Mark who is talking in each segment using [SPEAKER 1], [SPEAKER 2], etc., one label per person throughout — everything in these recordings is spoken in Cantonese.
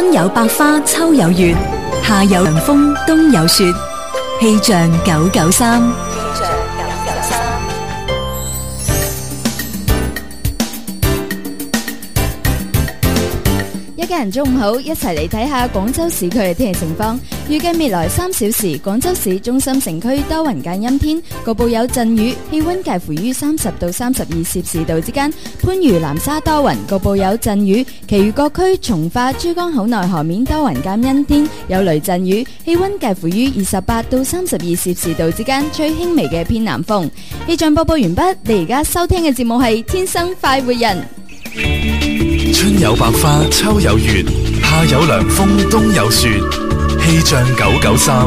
[SPEAKER 1] 春有百花，秋有月，夏有涼風，冬有雪。氣象九九三。家人中午好，一齊嚟睇下廣州市區嘅天氣情況。預計未來三小時，廣州市中心城區多雲間陰天，局部有陣雨，氣溫介乎於三十到三十二攝氏度之間。番禺南沙多雲，局部有陣雨。其餘各區從化、珠江口內河面多雲間陰天，有雷陣雨，氣溫介乎於二十八到三十二攝氏度之間。吹輕微嘅偏南風。氣象播報完畢。你而家收聽嘅節目係《天生快活人》。
[SPEAKER 2] 春有百花，秋有月，夏有涼風，冬有雪。氣象九九三。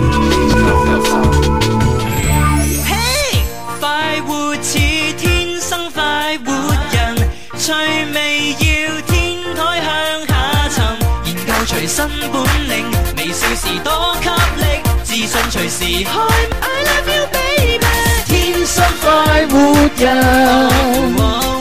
[SPEAKER 2] 嘿，快活似天生快活人，趣味要天台向下沉，研究隨身本領。微笑時多給力，自信隨時開。I love you baby，天生快活
[SPEAKER 3] 人。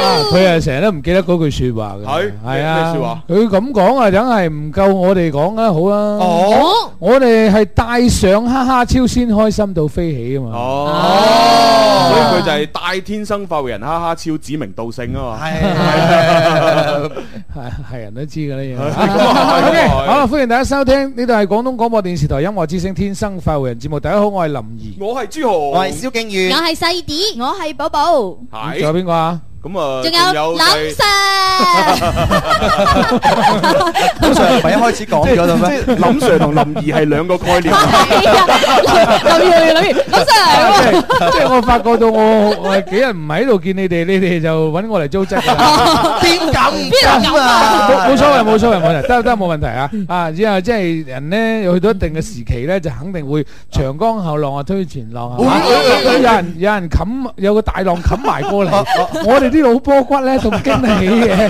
[SPEAKER 4] 啊！佢啊，成日都唔記得嗰句説話嘅，係係啊，咩説話佢咁講啊？梗係唔夠我哋講啊，好啦，我我哋係帶上哈哈超先開心到飛起啊嘛，哦，所以佢就
[SPEAKER 5] 係帶天生快活人哈哈超指名道姓啊嘛，係係，係
[SPEAKER 4] 人都知嘅呢樣嘢。好，歡迎大家收聽，呢度係廣東廣播電視台音樂之聲天生快活人節目。大家好，我係林怡，
[SPEAKER 1] 我係朱豪，我係蕭敬宇，我係細啲，我係寶寶，
[SPEAKER 4] 係仲有邊個啊？咁啊，仲
[SPEAKER 1] 有林
[SPEAKER 5] Sir，林 Sir 唔係一開始講咗啦咩？林 Sir 同林怡係兩個概念。
[SPEAKER 4] 林怡，林怡，林 Sir 嚟喎。即係我發覺到我我幾日唔喺度見你哋，你哋就揾我嚟租職。點咁？
[SPEAKER 2] 邊度咁啊？冇冇所謂，
[SPEAKER 4] 冇所謂，冇問題。得得冇問題啊啊！之後即係人咧，又去到一定嘅時期咧，就肯定會長江後浪啊推前浪啊！有人有人冚，有個大浪冚埋過嚟，我哋。啲老波骨咧，做經理嘅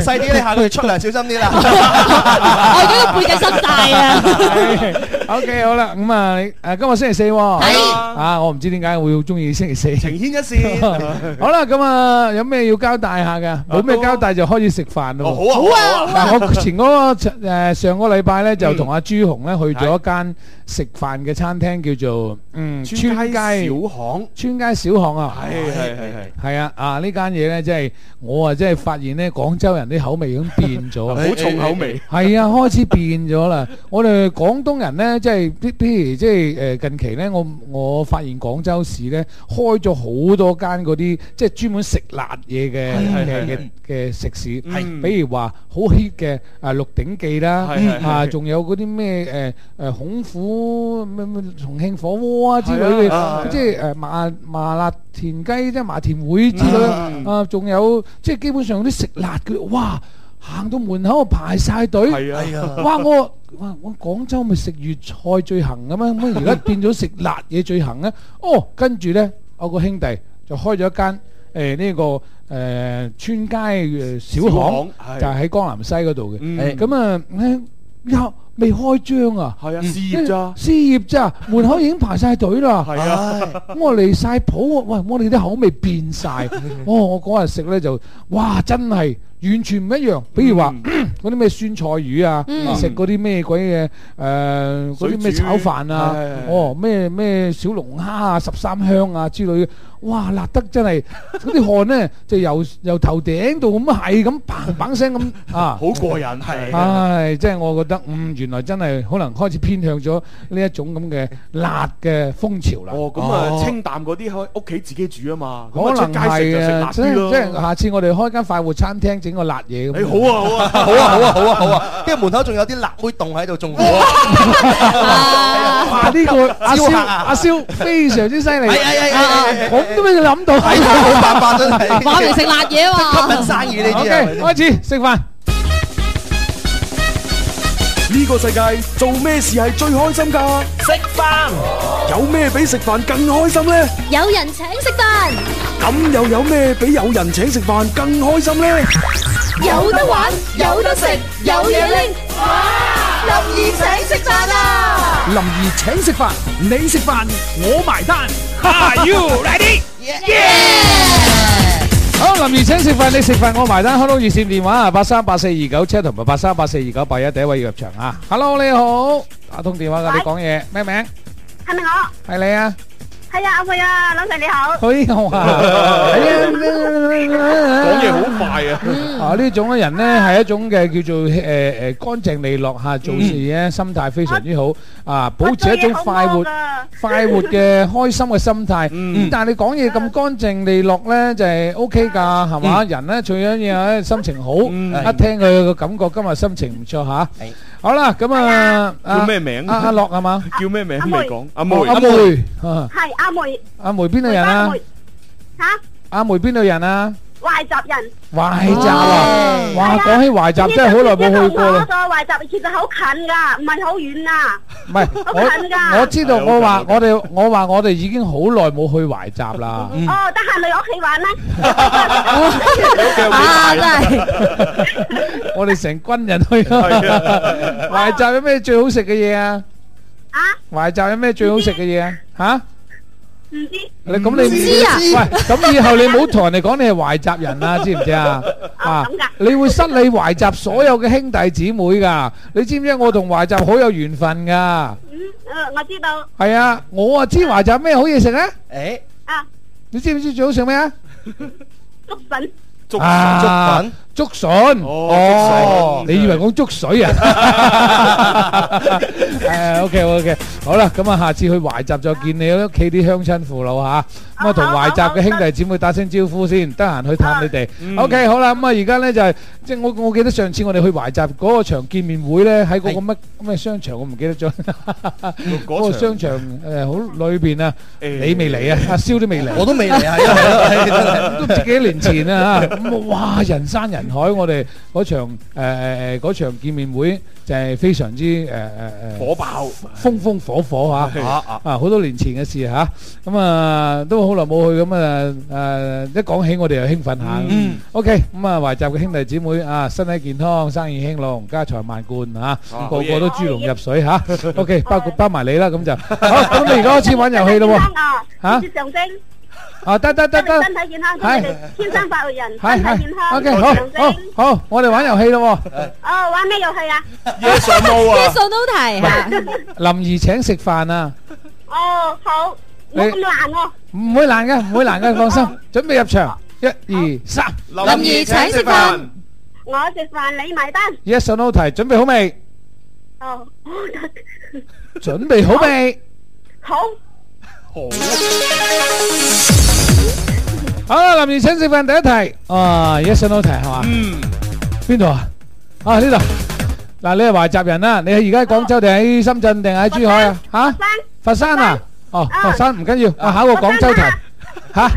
[SPEAKER 4] 細啲，你下個月出糧小心啲
[SPEAKER 2] 啦，我嗰個背脊濕晒
[SPEAKER 4] 啊！OK，好啦，咁啊，誒，今日星期四，係啊，我唔知點解會好中意星期四情牽一線。好啦，咁啊，有咩要交代下噶？冇咩交代就開始食飯咯。好啊，好啊，嗱，我前嗰個誒上個禮拜咧，就同阿朱紅咧去咗一間食飯嘅餐廳，叫做嗯村街小巷。村街小巷啊，係係係係，係啊啊呢間。間嘢咧，即係我啊，即係發現咧，廣州人啲口味已經變咗，好重口味。係啊，開始變咗啦。我哋廣東人咧，即係，譬譬如即係誒近期咧，我我發現廣州市咧，開咗好多間嗰啲即係專門食辣嘢嘅嘅嘅食肆。係，比如話好 hit 嘅啊，鹿鼎記啦，啊，仲有嗰啲咩誒誒，孔府咩咩，重慶火鍋啊之類嘅，即係誒麻麻辣田雞，即係麻田會之類。嗯、啊，仲有即係基本上啲食辣嘅，哇！行到門口啊，排晒隊，係啊，哇！我哇，我廣州咪食粵菜最行嘅咩？咁而家變咗食辣嘢最行咧。哦，跟住咧，我個兄弟就開咗一間誒呢個誒、呃、村街嘅小巷，小巷就喺江南西嗰度嘅。咁啊。又未開張啊！係啊，試業咋？試業咋？門口已經排晒隊啦！係 啊，咁我離晒譜，喂！我哋啲口味變晒。 哦！我嗰日食咧就，哇！真係完全唔一樣。比如話嗰啲咩酸菜魚啊，食嗰啲咩鬼嘢，誒嗰啲咩炒飯啊，煮哦咩咩小龍蝦啊、十三香啊之類。哇，辣得真係，嗰啲汗咧就由由頭頂度咁係咁砰砰聲咁啊！好過癮係，唉即係我覺得，嗯原來真係可能開始偏向咗呢一種咁嘅辣嘅風潮啦。哦，咁啊清淡嗰啲喺屋企自己煮啊嘛，可能係啊，即係下次我哋開間快活餐廳整個辣嘢咁。誒好啊好啊好啊好啊好啊，
[SPEAKER 2] 跟住門口仲有啲辣妹棟喺度仲好
[SPEAKER 4] 啊！啊呢個阿蕭阿蕭非常之犀利，咁你諗到，係冇辦法真係，話我哋食辣嘢喎。吸引生意呢啲啊，開始食飯。
[SPEAKER 5] 呢個世界做咩事係最開心噶？食飯有咩比食飯更開心咧？
[SPEAKER 6] 有人請食飯，
[SPEAKER 5] 咁又有咩比有人請食飯更開心咧？有得玩，有得食，
[SPEAKER 4] 有嘢拎。
[SPEAKER 3] 哇！林怡請食飯啊！
[SPEAKER 4] 林怡請食飯，你食飯，我埋單。Are you ready? Yeah！好，林怡請食飯，你食飯我埋單。Hello，熱線電話啊，八三八四二九七同埋八三八四二九八一，第一位要入場啊。Hello，你好，打通電話噶，你講嘢，咩名？係咪我？係你啊！係啊，阿妹啊，老細你好。好啊，講嘢好快啊。啊，呢種嘅人咧係一種嘅叫做誒誒乾淨利落吓，做事咧心態非常之好啊，保持一種快活、快活嘅開心嘅心態。嗯，但係你講嘢咁乾淨利落咧就係 OK 噶，係嘛？人咧最緊要咧心情好，一聽佢個感覺，今日心情唔錯吓。好啦，咁啊叫咩名？阿樂係嘛？叫咩名？未講。阿梅，阿梅，係阿梅。阿梅邊度人啊？吓？阿梅邊度人啊？懷集人，懷集啊！哇，講起懷集真係好耐冇去過啦。懷集其實好近噶，唔
[SPEAKER 7] 係好遠
[SPEAKER 4] 啊。唔係好近噶。我知道，我話我哋，我話我哋已經好耐冇去懷集啦。哦，
[SPEAKER 7] 得閒去屋
[SPEAKER 4] 企玩啦。啊，真係。我哋成軍人去啊！懷集有咩最好食嘅嘢啊？啊？懷集有咩最好食嘅嘢啊？吓？唔知，你咁你唔知啊？喂，咁 以後你唔好同人哋講你係懷集人啊， 知唔知啊？ 啊，你會失禮懷集所有嘅兄弟姊妹噶？你知唔知我同懷集好有緣分噶？嗯、呃，
[SPEAKER 7] 我知道。
[SPEAKER 4] 係啊，我啊知懷集咩好嘢食咧？
[SPEAKER 7] 誒，啊，欸、
[SPEAKER 4] 你知唔知最好食咩啊？
[SPEAKER 5] 粥粉。
[SPEAKER 4] 粥粉，粥竹筍哦，你以為講竹水啊？誒，OK OK，好啦，咁啊，下次去懷集再見你啦，屋企啲鄉親父老吓，咁啊，同懷集嘅兄弟姊妹打聲招呼先，得閒去探你哋。OK，好啦，咁啊，而家咧就係，即係我我記得上次我哋去懷集嗰個場見面會咧，喺嗰個乜咩商場，我唔記得咗。嗰個商場誒，好裏邊啊，你未嚟啊？阿蕭都未嚟，我都未嚟，都唔知幾多年前啦吓。哇，人山人。海，我哋嗰場誒誒誒嗰場見面會就係非常之誒誒誒火爆，風風火火吓吓啊！好多年前嘅事吓，咁啊都好耐冇去，咁啊誒一講起我哋又興奮下。嗯，OK，咁啊懷集嘅兄弟姊妹啊，身體健康，生意興隆，家財萬貫吓，個個都豬籠入水吓。OK，包括包埋你啦，咁就咁你而家開始玩遊戲咯喎，啊，接接
[SPEAKER 7] 上升。
[SPEAKER 4] 啊得得得得，身體
[SPEAKER 7] 健康，係天生快活人，身體健康，ok，好好
[SPEAKER 4] 好，我哋玩遊戲咯，哦，玩
[SPEAKER 7] 咩遊戲啊？Yes No 題，
[SPEAKER 4] 林怡請食飯啊！
[SPEAKER 7] 哦好，
[SPEAKER 4] 冇咁難喎。唔會難嘅，唔會難嘅，放心，準備入場，一二三，林怡請食飯，
[SPEAKER 7] 我食飯你埋單
[SPEAKER 4] ，Yes No 題，準備好未？哦，準備好未？好。好，好啦，林怡請食飯第一題啊，而家上到題係嘛？嗯，邊度啊？啊呢度，嗱你係懷集人啊，你係而家喺廣州定喺深圳定喺珠海啊？吓，佛山啊？哦，佛山唔緊要，啊考個廣州題吓。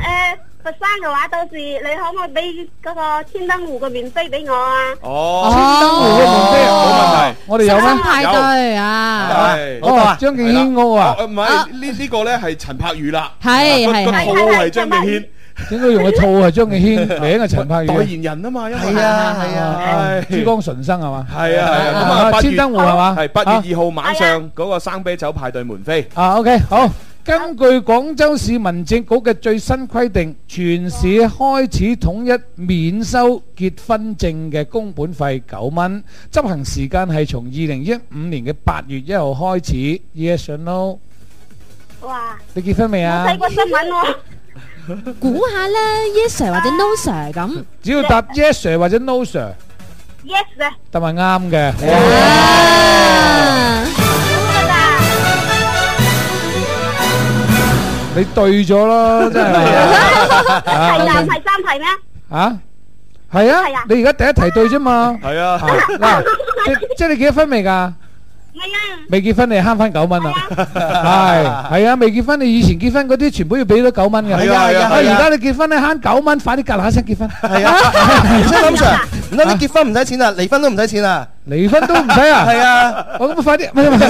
[SPEAKER 7] 佛山嘅話，到
[SPEAKER 4] 時你可唔可以俾嗰個千燈湖嘅門飛俾我啊？哦，千燈湖嘅門飛冇問題，我哋有燈派對啊！好啊，張敬軒哥啊，唔係呢呢
[SPEAKER 5] 個咧係陳柏宇啦，係係套係張敬軒，
[SPEAKER 4] 應該用嘅套係張敬軒，名係陳柏宇代言人啊嘛，
[SPEAKER 2] 係啊
[SPEAKER 5] 係啊，珠江純
[SPEAKER 4] 生係嘛，係啊係啊，咁啊千燈湖係嘛，係八月二號晚上
[SPEAKER 5] 嗰個生啤酒派對門
[SPEAKER 4] 飛啊，OK 好。根據廣州市民政局嘅最新規定，全市開始統一免收結婚證嘅公本費九蚊，執行時間係從二零一五年嘅八月一號開始。Yes or no？你結婚未啊？
[SPEAKER 7] 睇過新聞喎。估下啦，Yes sir 或者 No sir 咁。
[SPEAKER 4] 只要答年的 sir 或者 No
[SPEAKER 7] sir
[SPEAKER 4] yes sir 但是對的，yeah. 你對咗咯，真係係啊！第三題咩？啊，係啊！你而家第一題對啫嘛？係啊！即即你結婚未㗎？未啊！未結婚你慳翻九蚊啊！係係啊！未結婚你以前結婚嗰啲全部要俾咗九蚊㗎。係啊係啊！啊而家你結婚你慳九蚊，快啲格喇喇聲結婚係啊！即係諗住。唔得，你結婚唔使錢啊！離婚都唔使錢啊！離婚都唔使啊！係
[SPEAKER 2] 啊！我咁快啲唔得！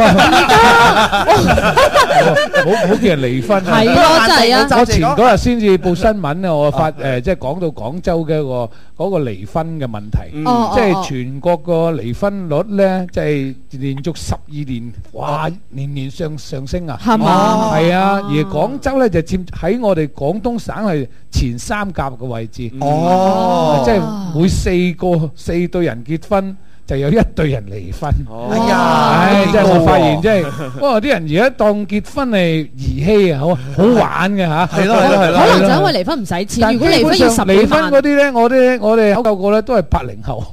[SPEAKER 2] 唔好，
[SPEAKER 4] 唔好叫人離婚啊！係咯，就係啊！我前嗰日先至報新聞啊，我發誒，即係講到廣州嘅個嗰個離婚嘅問題，即係全國個離婚率咧，即係連續十二年，哇，年年上上升啊！係嘛？係啊！而廣州咧就佔喺我哋廣東省係前三甲嘅位置。哦，即係每四個。四對人結婚就有一對人離婚，哎呀，即係我發現，即係，不過啲人而家當結婚係兒戲啊，好好玩嘅吓，係啦係啦，可能就因為離婚唔使錢，如果離婚要十幾萬，離婚嗰啲咧，我哋我哋考究過咧，都係八零後。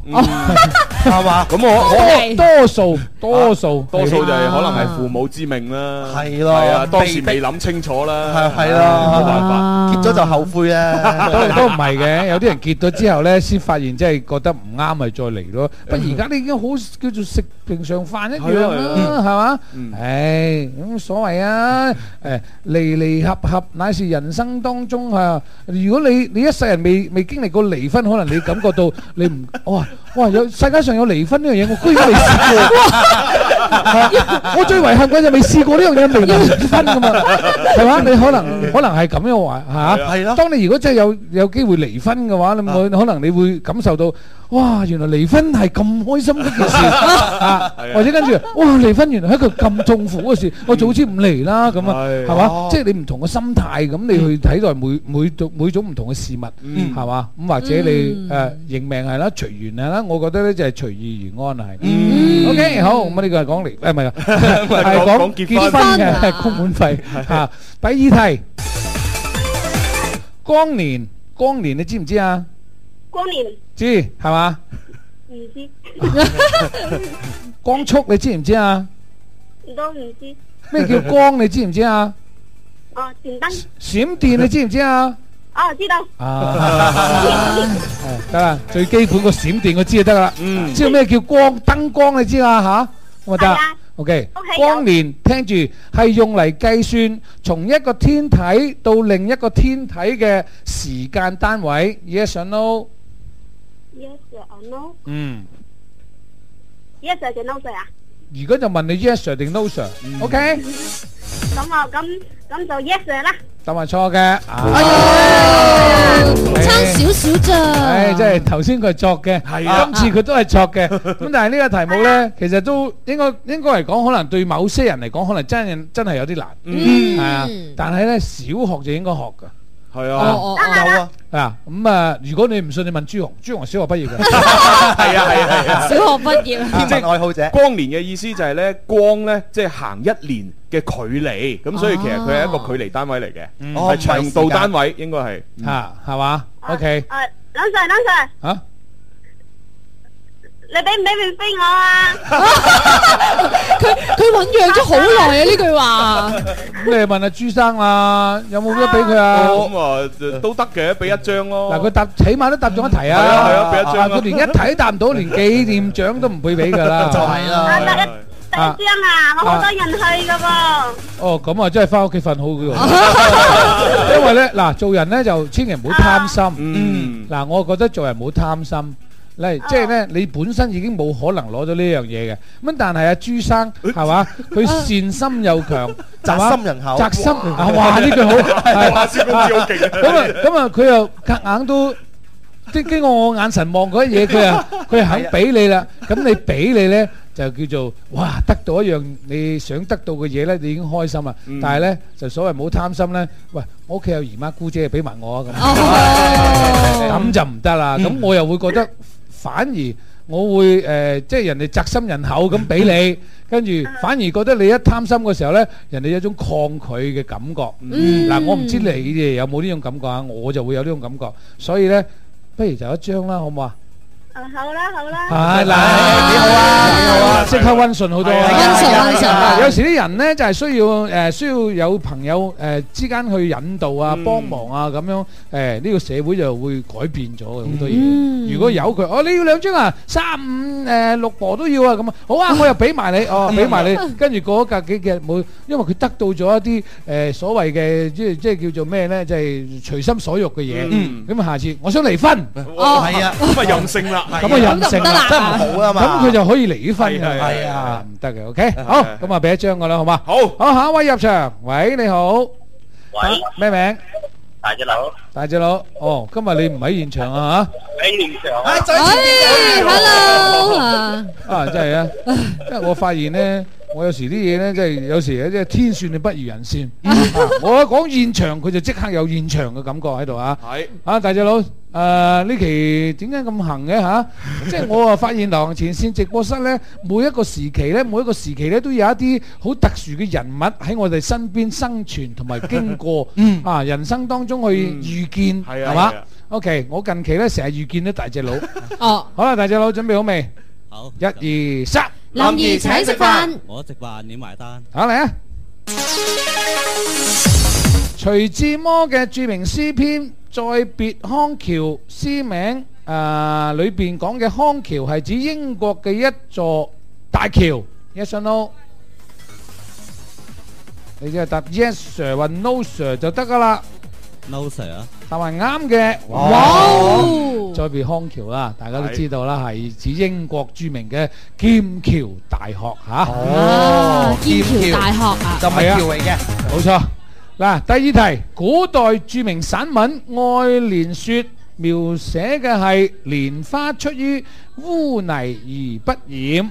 [SPEAKER 4] 係嘛？咁我多多數，多數多數就
[SPEAKER 5] 係可能係父母之命啦，係咯，係啊，當時未諗清楚啦，係係啦，冇辦
[SPEAKER 4] 法，結咗就後悔啊，都都唔係嘅，有啲人結咗之後咧，先發現即係覺得唔啱，咪再嚟咯。不而家，你已經好叫做食平常飯一樣啦，係嘛，嗯，唉，咁所謂啊，誒，離離合合乃是人生當中啊。如果你你一世人未未經歷過離婚，可能你感覺到你唔哇，哇，有世界上。有離婚呢樣嘢，我居然未試過。我最遺憾，我就未試過呢樣嘢，未離婚噶嘛，係嘛？你可能可能係咁樣話，係啊。當你如果真係有有機會離婚嘅話，你我可能你會感受到，哇，原來離婚係咁開心一件事啊！或者跟住，哇，離婚原來係一個咁痛苦嘅事，我早知唔嚟啦。咁啊，係嘛？即係你唔同嘅心態，咁你去睇待每每種每種唔同嘅事物，係嘛？咁或者你誒認命係啦，隨緣係啦，我覺得咧就係。隨意而安係，OK 好。咁啊呢句講嚟，唔係唔係講結婚嘅空管費嚇。第二題，光年，光年你知唔知啊？
[SPEAKER 7] 光年
[SPEAKER 4] 知係嘛？唔
[SPEAKER 7] 知。
[SPEAKER 4] 光速你知唔知啊？
[SPEAKER 7] 唔都唔知。
[SPEAKER 4] 咩叫光你知唔知啊？哦，電燈。閃電你知唔知啊？哦，知道啊，得啦，最基本個閃電我知就得㗎啦，嗯，知道咩叫光，燈光你知啦，吓，我得，OK，光年聽住係用嚟計算從一個天體到另一個天體嘅時間單位，yes or no？Yes or no？嗯，yes
[SPEAKER 7] 定
[SPEAKER 4] no 呀？如果就問你 yes sir 定 no sir？OK。咁啊，咁咁就 yes sir 啦。咁係錯嘅，差少少咋？唉，即係頭先佢作嘅，係今次佢都係作嘅。咁但係呢個題目咧，其實都應該應該嚟講，可能對某些人嚟講，可能真係真係有啲難。嗯，但係咧，小學就應該學噶。係啊，有啊。咁啊，如果你唔信，你問朱紅，朱紅小學畢業嘅，係啊
[SPEAKER 2] 係啊係啊，小
[SPEAKER 5] 學畢業，天職愛好者。光年嘅意思就係咧，光咧即係行一年嘅距離，咁所以其實佢係一個距離單位嚟嘅，係長度單位應該係，係
[SPEAKER 4] 嘛？OK，
[SPEAKER 7] 攬晒攬晒啊！
[SPEAKER 4] 你俾唔俾面飛我啊？佢佢醞釀咗好耐啊！呢句話，咁你問阿朱生啦，有冇得俾佢啊？咁啊，都得嘅，俾一張咯。嗱，佢答起碼都答咗一題啊！係啊，係啊，俾一張啊！佢連一題都答唔到，連紀念獎都唔會俾噶啦，就係啦。得一得一張啊！我好多人去噶噃。哦，咁啊，真係翻屋企瞓好嘅，因為咧嗱，做人咧就千祈唔好貪心。嗯，嗱，我覺得做人唔好貪心。嚟，即係咧，你本身已經冇可能攞到呢樣嘢嘅。咁但係啊，朱生係嘛？佢善心又強，責心人口，責心啊！哇，呢句好，咁啊咁啊，佢又隔硬都即經過我眼神望嗰啲嘢，佢啊佢肯俾你啦。咁你俾你咧，就叫做哇得到一樣你想得到嘅嘢咧，你已經開心啦。但係咧就所謂冇貪心咧，喂，我屋企有姨媽姑姐俾埋我啊咁，咁就唔得啦。咁我又會覺得。反而我會誒，即係人哋澤心人口咁俾你，跟住反而覺得你一貪心嘅時候呢，人哋有種抗拒嘅感覺。嗱，我唔知你哋有冇呢種感覺啊？我就會有呢種感覺，所以呢，不如就一張啦，好唔好啊？誒，好啦，好啦，來來，你好啊。即刻溫順好多啊！溫順溫順，有時啲人咧就係需要誒，需要有朋友誒之間去引導啊、幫忙啊咁樣誒，呢個社會就會改變咗嘅好多嘢。如果有佢哦，你要兩張啊，三五誒六磅都要啊，咁啊好啊，我又俾埋你哦，俾埋你，跟住過咗隔幾日冇，因為佢得到咗一啲誒所謂嘅即係即係叫做咩咧，即係隨心所欲嘅嘢。咁啊，下次我想離婚哦，係啊，咁啊任性啦，咁啊任性，真係唔好啊嘛。咁佢就可以離咗婚嘅。係啊，唔得嘅，OK，好，咁啊，俾一張我啦，好嘛？好，好，下一位入場，喂，你好，喂，咩名？大隻佬，大隻佬，哦，今日你唔喺現場啊？
[SPEAKER 7] 喺現
[SPEAKER 3] 場啊？哎，Hello
[SPEAKER 4] 啊，啊，真係啊，因為我發現呢。我有時啲嘢咧，即係有時，即係天算你不如人算。嗯啊，我一講現場，佢就即刻有現場嘅感覺喺度啊！係啊，大隻佬，誒呢期點解咁行嘅嚇？即係我啊發現流行前線直播室咧，每一個時期咧，每一個時期咧，都有一啲好特殊嘅人物喺我哋身邊生存同埋經過，嗯啊，人生當中去遇見係嘛？OK，我近期咧成日遇見咗大隻佬。哦，好啦，大隻佬準備好未？好，一二三。林怡請食飯，我食飯你埋單。嚟啊！徐志摩嘅著名詩篇《再別康橋》，詩名誒裏邊講嘅康橋係指英國嘅一座大橋。Yes or no？你只係答 yes sir 或 no sir 就得噶啦。No sir，答埋啱嘅。哇！再別康橋啦，大家都知道啦，係指英國著名嘅劍橋大學吓。哦，劍橋大學啊，就係橋嚟嘅，冇錯。嗱，第二題，古代著名散文《愛蓮說》，描寫嘅係蓮花出於污泥而不染。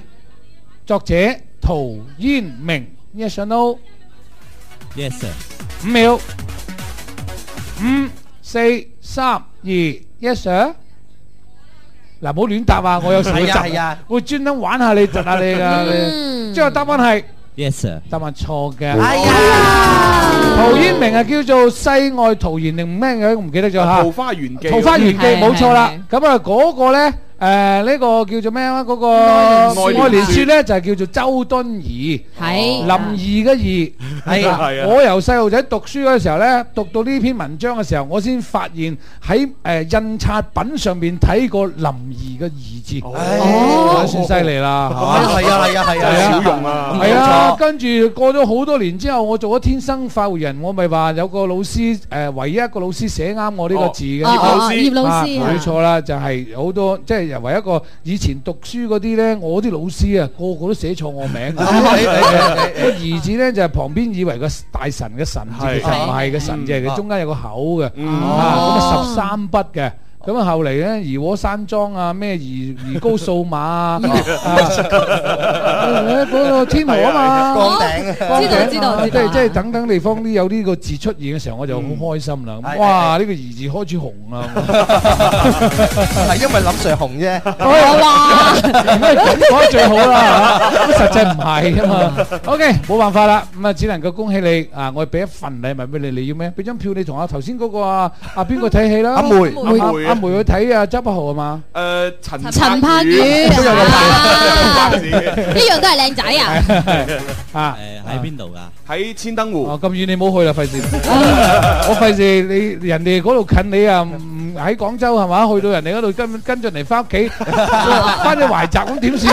[SPEAKER 4] 作者陶淵明。yes or no，yes sir，五秒。五、四、三、二、yes sir，嗱，唔好亂答啊！我有時，會專登玩下你，窒下你噶。嗯，即係答案係 yes sir，答案錯嘅。哎呀，陶淵明係叫做《世外桃源》定咩嘅？唔記得咗吓，《桃花源記》。桃花源記冇錯啦。咁啊，嗰個咧。誒，呢個叫做咩啊？嗰個愛蓮說咧，就係叫做周敦頤，係林儀嘅儀，係啊，係啊。我由細路仔讀書嗰時候咧，讀到呢篇文章嘅時候，我先發現喺誒印刷品上面睇過林儀嘅儀字，算犀利啦。係啊，係啊，係啊，少用啊。係啊，跟住過咗好多年之後，我做咗天生快活人，我咪話有個老師，誒，唯一一個老師寫啱我呢個字嘅葉老師，葉老師，冇錯啦，就係好多即係。又為一個以前讀書嗰啲咧，我啲老師啊，個個都寫錯我名。我兒子咧，就係旁邊以為個大神嘅神，唔係嘅神啫，佢、嗯、中間有個口嘅，咁、嗯、啊、嗯、啊十三筆嘅。咁啊，後嚟咧，頤和山莊啊，咩頤頤高數碼啊，嗰個天河啊嘛，崗頂，知道知道，即係即係等等地方都有呢個字出現嘅時候，我就好開心啦。哇，呢個怡字開始紅啊，係因為林 Sir 紅啫。哇，係咁講最好啦，咁實際唔係啊嘛。OK，冇辦法啦，咁啊，只能夠恭喜你啊！我俾一份禮物俾你，你要咩？俾張票你同阿頭先嗰個啊阿邊個睇戲啦？阿梅，阿梅。阿梅去睇阿周柏豪啊嘛，誒陳陳柏宇啊，一樣都係靚仔啊，嚇喺邊度㗎？喺千燈湖哦，咁遠你唔好去啦，費事，我費事你，人哋嗰度近，你啊唔喺廣州係嘛？去到人哋嗰度跟跟住嚟翻屋企，翻咗懷集咁點算？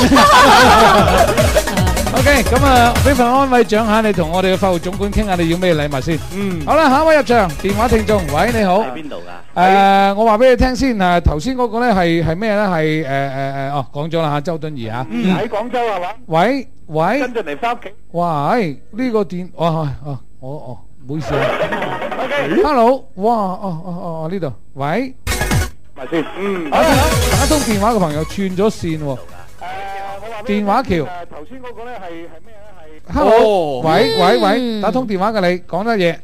[SPEAKER 4] OK，咁啊，俾份安慰獎下你，同我哋嘅法務總管傾下你要咩禮物先。嗯，好啦，下一位入場，電話聽眾，喂，你好。喺邊度噶？誒，我話俾你聽先，誒，頭先嗰個咧係係咩咧？係誒誒誒，哦，講咗啦，周敦頤啊。嗯，喺廣州係嘛？喂喂。跟住嚟翻屋企。喂，呢個電，哇，哦，我哦，唔好意思啊。OK。Hello，哇，哦哦哦哦，呢度，喂。咪先，嗯。打通電話嘅朋友串咗線喎。電話橋。
[SPEAKER 3] 誒，頭先嗰個咧係係咩咧？係。hello，喂喂喂，打通
[SPEAKER 4] 電話嘅你，講乜嘢？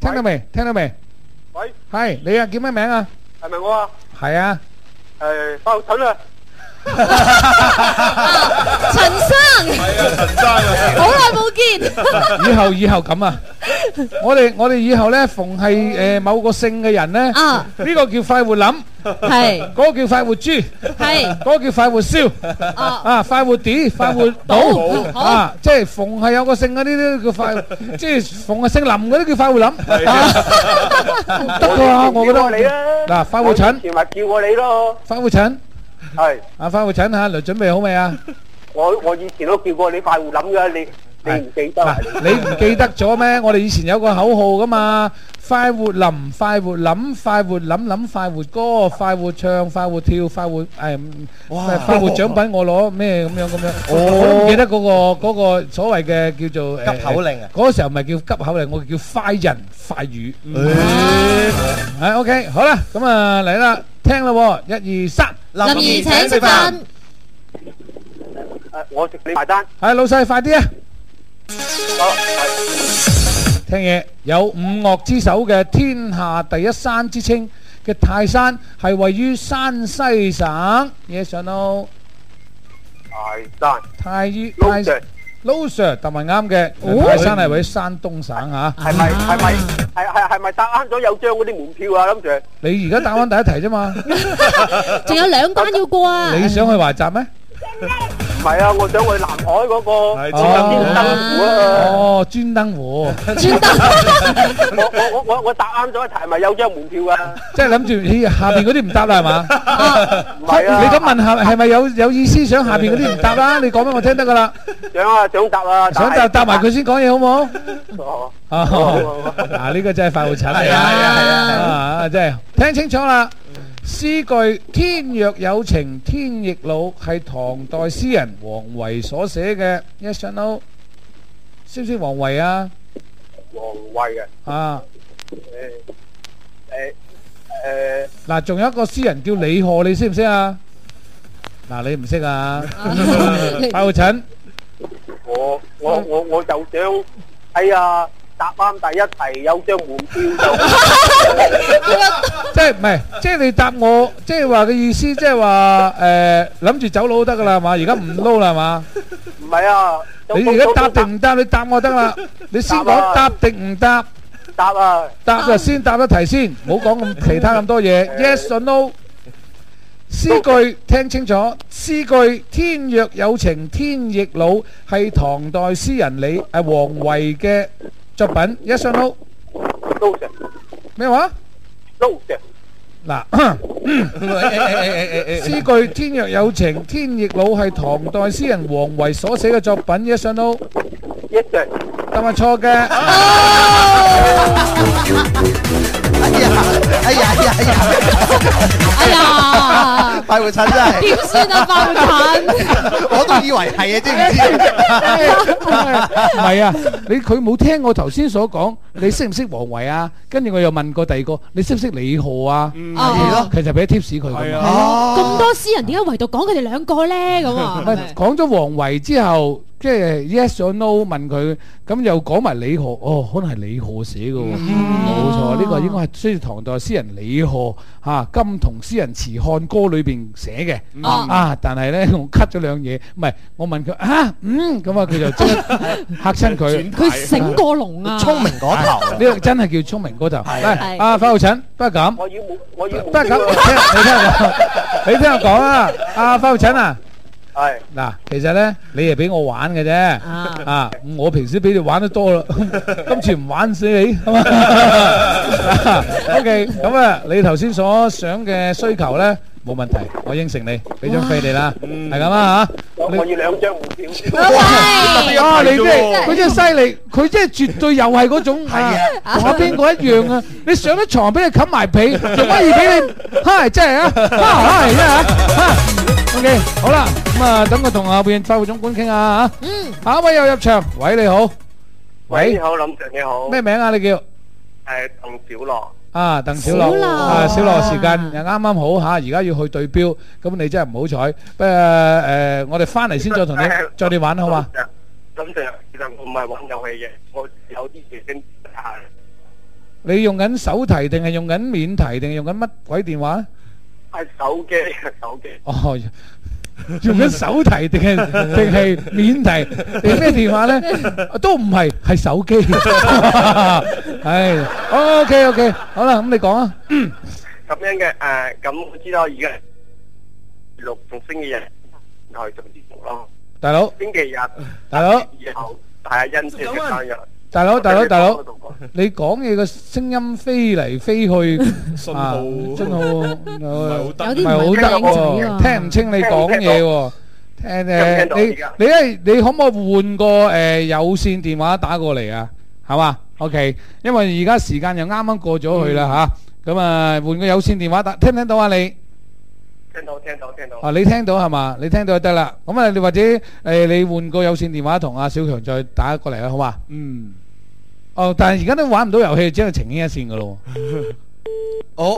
[SPEAKER 4] 聽到未？聽到
[SPEAKER 7] 未？
[SPEAKER 4] 喂。係你啊？叫咩名啊？係咪我啊？係啊。
[SPEAKER 7] 誒，八號屯啊。陳生，陳生啊，好耐冇見，
[SPEAKER 3] 以
[SPEAKER 4] 後以後咁啊！我哋我哋以後咧，逢係誒某個姓嘅人咧，呢個叫快活林，
[SPEAKER 3] 係，
[SPEAKER 4] 嗰個叫快活豬，係，嗰個叫快活燒，啊，快活啲，快活島，啊，即係逢係有個姓嗰啲都叫快，即係逢係姓林嗰啲叫快活林，得㗎，我覺得你啊，嗱，快活陳，前話叫過你咯，快活陳。係，阿花護診下，你準備好未啊？
[SPEAKER 7] 我我以前都叫過你快護諗噶，你。
[SPEAKER 4] 你唔記得？你唔記得咗咩？我哋以前有個口號噶嘛，快活林，快活林，快活林林快活歌，快活唱，快活跳，快活誒，快活獎品我攞咩咁樣咁樣？記得嗰個嗰個所謂嘅叫做急口令啊！嗰個時候咪叫急口令，我哋叫快人快語。係 OK，好啦，咁啊嚟啦，聽啦，一二三，林怡，請食飯。誒，我食你埋單。係，老細，快啲啊！聽嘢有五嶽之首嘅天下第一山之稱嘅泰山，係位於山西省嘢，上到泰山，泰山老 Sir，老 Sir 同埋啱嘅。泰山係位於山東省啊，係咪係咪係係係咪
[SPEAKER 7] 答啱咗有張嗰啲門票啊？諗住
[SPEAKER 4] 你而家答啱第一題啫嘛，仲
[SPEAKER 7] 有兩關要過啊！
[SPEAKER 4] 你想去華集咩？
[SPEAKER 7] 唔
[SPEAKER 6] 係啊，我想去南海嗰
[SPEAKER 4] 個珠江邊燈湖啊！哦，專燈湖，專燈。我我我我我答啱咗，係
[SPEAKER 7] 咪有
[SPEAKER 4] 張門票啊？即係諗住，下邊嗰啲唔答啦，係嘛？唔係啊！你咁問下，係咪有有意思想下邊嗰啲唔答啦？你講俾我聽得㗎啦。想啊，想答啊！想答答埋佢先講嘢好唔好？哦，嗱，呢個真係快活人啊！即係，聽清楚啦。詩句，天若有情天亦老，係唐代詩人王維所寫嘅。Yes no，識唔識王維啊？王維啊啊，誒誒誒，嗱，仲有一個詩人叫李賀，你識唔識啊？嗱，你唔識啊？阿阿陳，
[SPEAKER 7] 我我我我就想，哎呀！答啱第一題有
[SPEAKER 4] 張門票，即係唔係？即係你答我，即係話嘅意思，即係話誒諗住走佬得噶啦，係嘛？而家唔撈啦，係嘛？唔係啊，你而家答定唔答？你答我得啦，你先講答定唔答？答啊！答就先答得題先，唔好講咁其他咁多嘢。Yes or no？詩句聽清楚，詩句天若有情天亦老係唐代詩人李，誒，王維嘅。作品 yes or no，no sir，咩話？no sir，
[SPEAKER 3] 嗱，詩
[SPEAKER 4] 句天若有情天亦老係唐代詩人王維所寫嘅作品 yes or no，yes sir，答係錯嘅。哎呀，
[SPEAKER 2] 哎呀呀，哎呀。快活餐真係點算啊！快活餐， 我都以為係啊， 知唔知？
[SPEAKER 4] 唔係 啊，你佢冇聽我頭先所講，你識唔識王維啊？跟住我又問過第二個，你識唔識李賀啊？係咯、嗯啊，其實俾啲 tips 佢咁樣，係啊，
[SPEAKER 6] 咁多詩人點解唯獨講佢哋兩個咧？咁
[SPEAKER 4] 啊，講咗王維之後。即係 yes or no 問佢，咁又講埋李賀，哦，可能係李賀寫嘅喎，冇錯，呢個應該係需要唐代詩人李賀嚇《金銅詩人辭漢歌》裏邊寫嘅，啊，但係咧，我 cut 咗兩嘢，唔係，我問佢嚇，嗯，咁啊，佢就即刻嚇親佢，佢醒過龍啊，聰明過頭，呢個真係叫聰明過頭，係啊，費浩陳，不係咁，我要冇，我要不係咁，你聽我講，你聽我講啊，阿費浩陳啊。係嗱，其實咧，你係俾我玩嘅啫，啊，我平時俾你玩得多啦，今次唔玩死你，係嘛？OK，咁啊，你頭先所想嘅需求咧。冇問題，我應承你，俾張飛你啦，係咁啊
[SPEAKER 7] 吓！我要兩張
[SPEAKER 3] 護照先。特別啊，你真係，佢真係
[SPEAKER 4] 犀利，佢真係絕對又係嗰種，係啊，同阿邊個一樣啊！你上咗床俾你冚埋被，仲不如俾你，係真係啊，係真啊！OK，好啦，咁啊，等我同下邊財務主管傾下吓。嗯，下一位又入場，喂你好，喂，你好
[SPEAKER 1] 林
[SPEAKER 7] 鄭，
[SPEAKER 3] 你
[SPEAKER 4] 好，咩名啊你叫？誒，
[SPEAKER 7] 鄧小樂。
[SPEAKER 4] 啊，鄧小樂，啊，小樂，時間又啱啱好吓，而家要去對標，咁你真係唔好彩，不過誒，我哋翻嚟先再同你再你玩好嘛？咁
[SPEAKER 7] 就其實我唔係玩遊戲嘅，我有啲事先得閒。
[SPEAKER 4] 你用緊手提定係用緊免提定係用緊乜鬼電話？
[SPEAKER 5] 係手機，手
[SPEAKER 4] 機。哦。用緊手提定係定係免提定咩電話咧？都唔係，係手機。唉，OK OK，好啦，咁你講啊。咁
[SPEAKER 7] 樣嘅，誒，咁我知道而家六六星期日內仲舒服咯。
[SPEAKER 4] 大佬，星期日，大佬，以
[SPEAKER 7] 後係阿欣姐嘅生日。
[SPEAKER 4] 大佬，大佬，大佬，你講嘢嘅聲音飛嚟飛去，啊，真好，有啲唔聽唔清，聽唔清你講嘢，聽誒，你你係你可唔可換個誒有線電話打過嚟啊？係嘛，OK，因為而家時間又啱啱過咗去啦吓，咁啊，換個有線電話打，聽唔聽到啊你？聽到聽到聽到，啊你聽到係嘛？你聽到就得啦。咁啊，你或者誒，你換個有線電話同阿小強再打過嚟啦，好嘛？
[SPEAKER 3] 嗯。
[SPEAKER 4] 哦，但係而家都玩唔到遊戲，只係情牽一線噶咯。
[SPEAKER 3] 哦，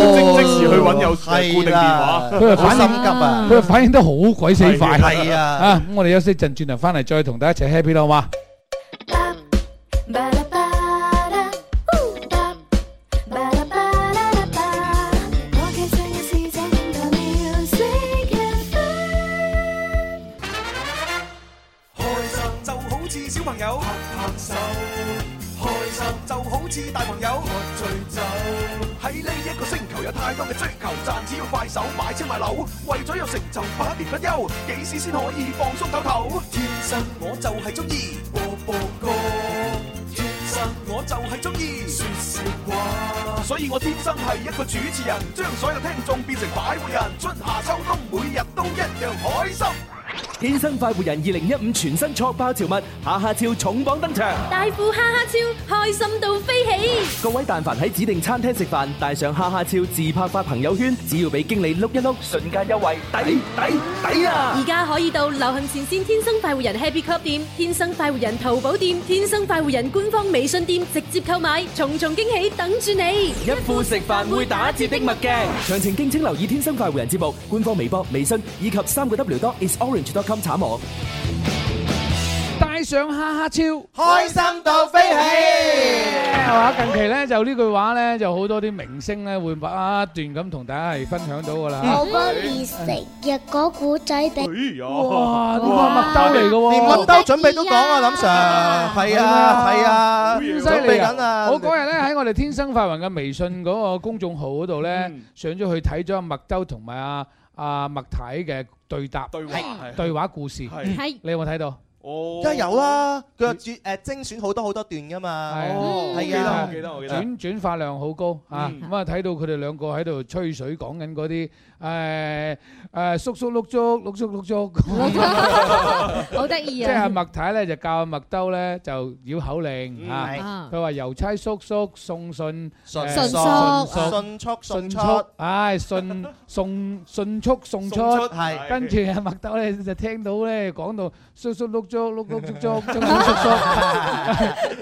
[SPEAKER 3] 即即
[SPEAKER 4] 時去搵有固定電話，佢啊反應急啊，佢啊反應得好鬼死快。係啊，咁，我哋休息一陣，轉頭翻嚟再同大家一齊 happy 咯，好嘛？
[SPEAKER 2] 知大朋友喝醉酒，喺呢一個星球有太
[SPEAKER 5] 多嘅追求，賺錢要快手買車買樓，為咗有成就百年不休，幾時先可以放鬆透透？天生我就係中意播播歌，天生我就係中意説笑話，所以我天生係一個主持人，將所有聽眾變成擺渡人，春夏秋冬每日都一樣開心。
[SPEAKER 2] 天生快活人二零一五全新戳爆潮物，哈哈超重磅登場！
[SPEAKER 5] 大富哈哈
[SPEAKER 6] 超開心到飛起！
[SPEAKER 2] 各位但凡喺指定餐廳食飯，帶上哈哈超自拍發朋友圈，只要俾經理碌一碌，瞬間優惠抵抵
[SPEAKER 6] 抵啊！而家可以到流行前線天生快活人 Happy Club 店、天生快活人淘寶店、天生快活人官方微信店直接購買，重重驚喜等住你！
[SPEAKER 2] 一副食飯會打折的墨鏡，詳情敬請留意天生快活人節目、官方微博、微信以及三個 W 多 is orange。多
[SPEAKER 4] 金慘我，戴上哈哈超，開心到飛起，係嘛？近期咧就呢句話咧，就好多啲明星咧會不斷咁同大家係分享到噶啦。我
[SPEAKER 7] 嗰日成日講古仔俾，
[SPEAKER 4] 哇！連麥兜嚟嘅喎，連麥兜準備都講啊，林 Sir，係啊係啊，準備緊啊！我嗰日咧喺我哋天生發雲嘅微信嗰個公眾號嗰度咧，上咗去睇咗阿麥兜同埋阿。啊，麥太嘅對答對話，對話故事，你有冇睇到？
[SPEAKER 2] 哦，梗係有啦，佢話專誒精選好多好多段噶嘛。
[SPEAKER 4] 哦，係啊，我記得，轉轉發量好高，咁啊睇到佢哋兩個喺度吹水，講緊嗰啲。誒誒，叔叔碌粥碌粥碌粥，好得意啊！即係麥太咧就教麥兜咧就繞口令嚇，佢話郵差叔叔送信，迅速迅速迅速迅速，唉送送迅速送出，跟住阿麥兜咧就聽到咧講到叔叔碌粥碌碌碌粥碌碌碌粥，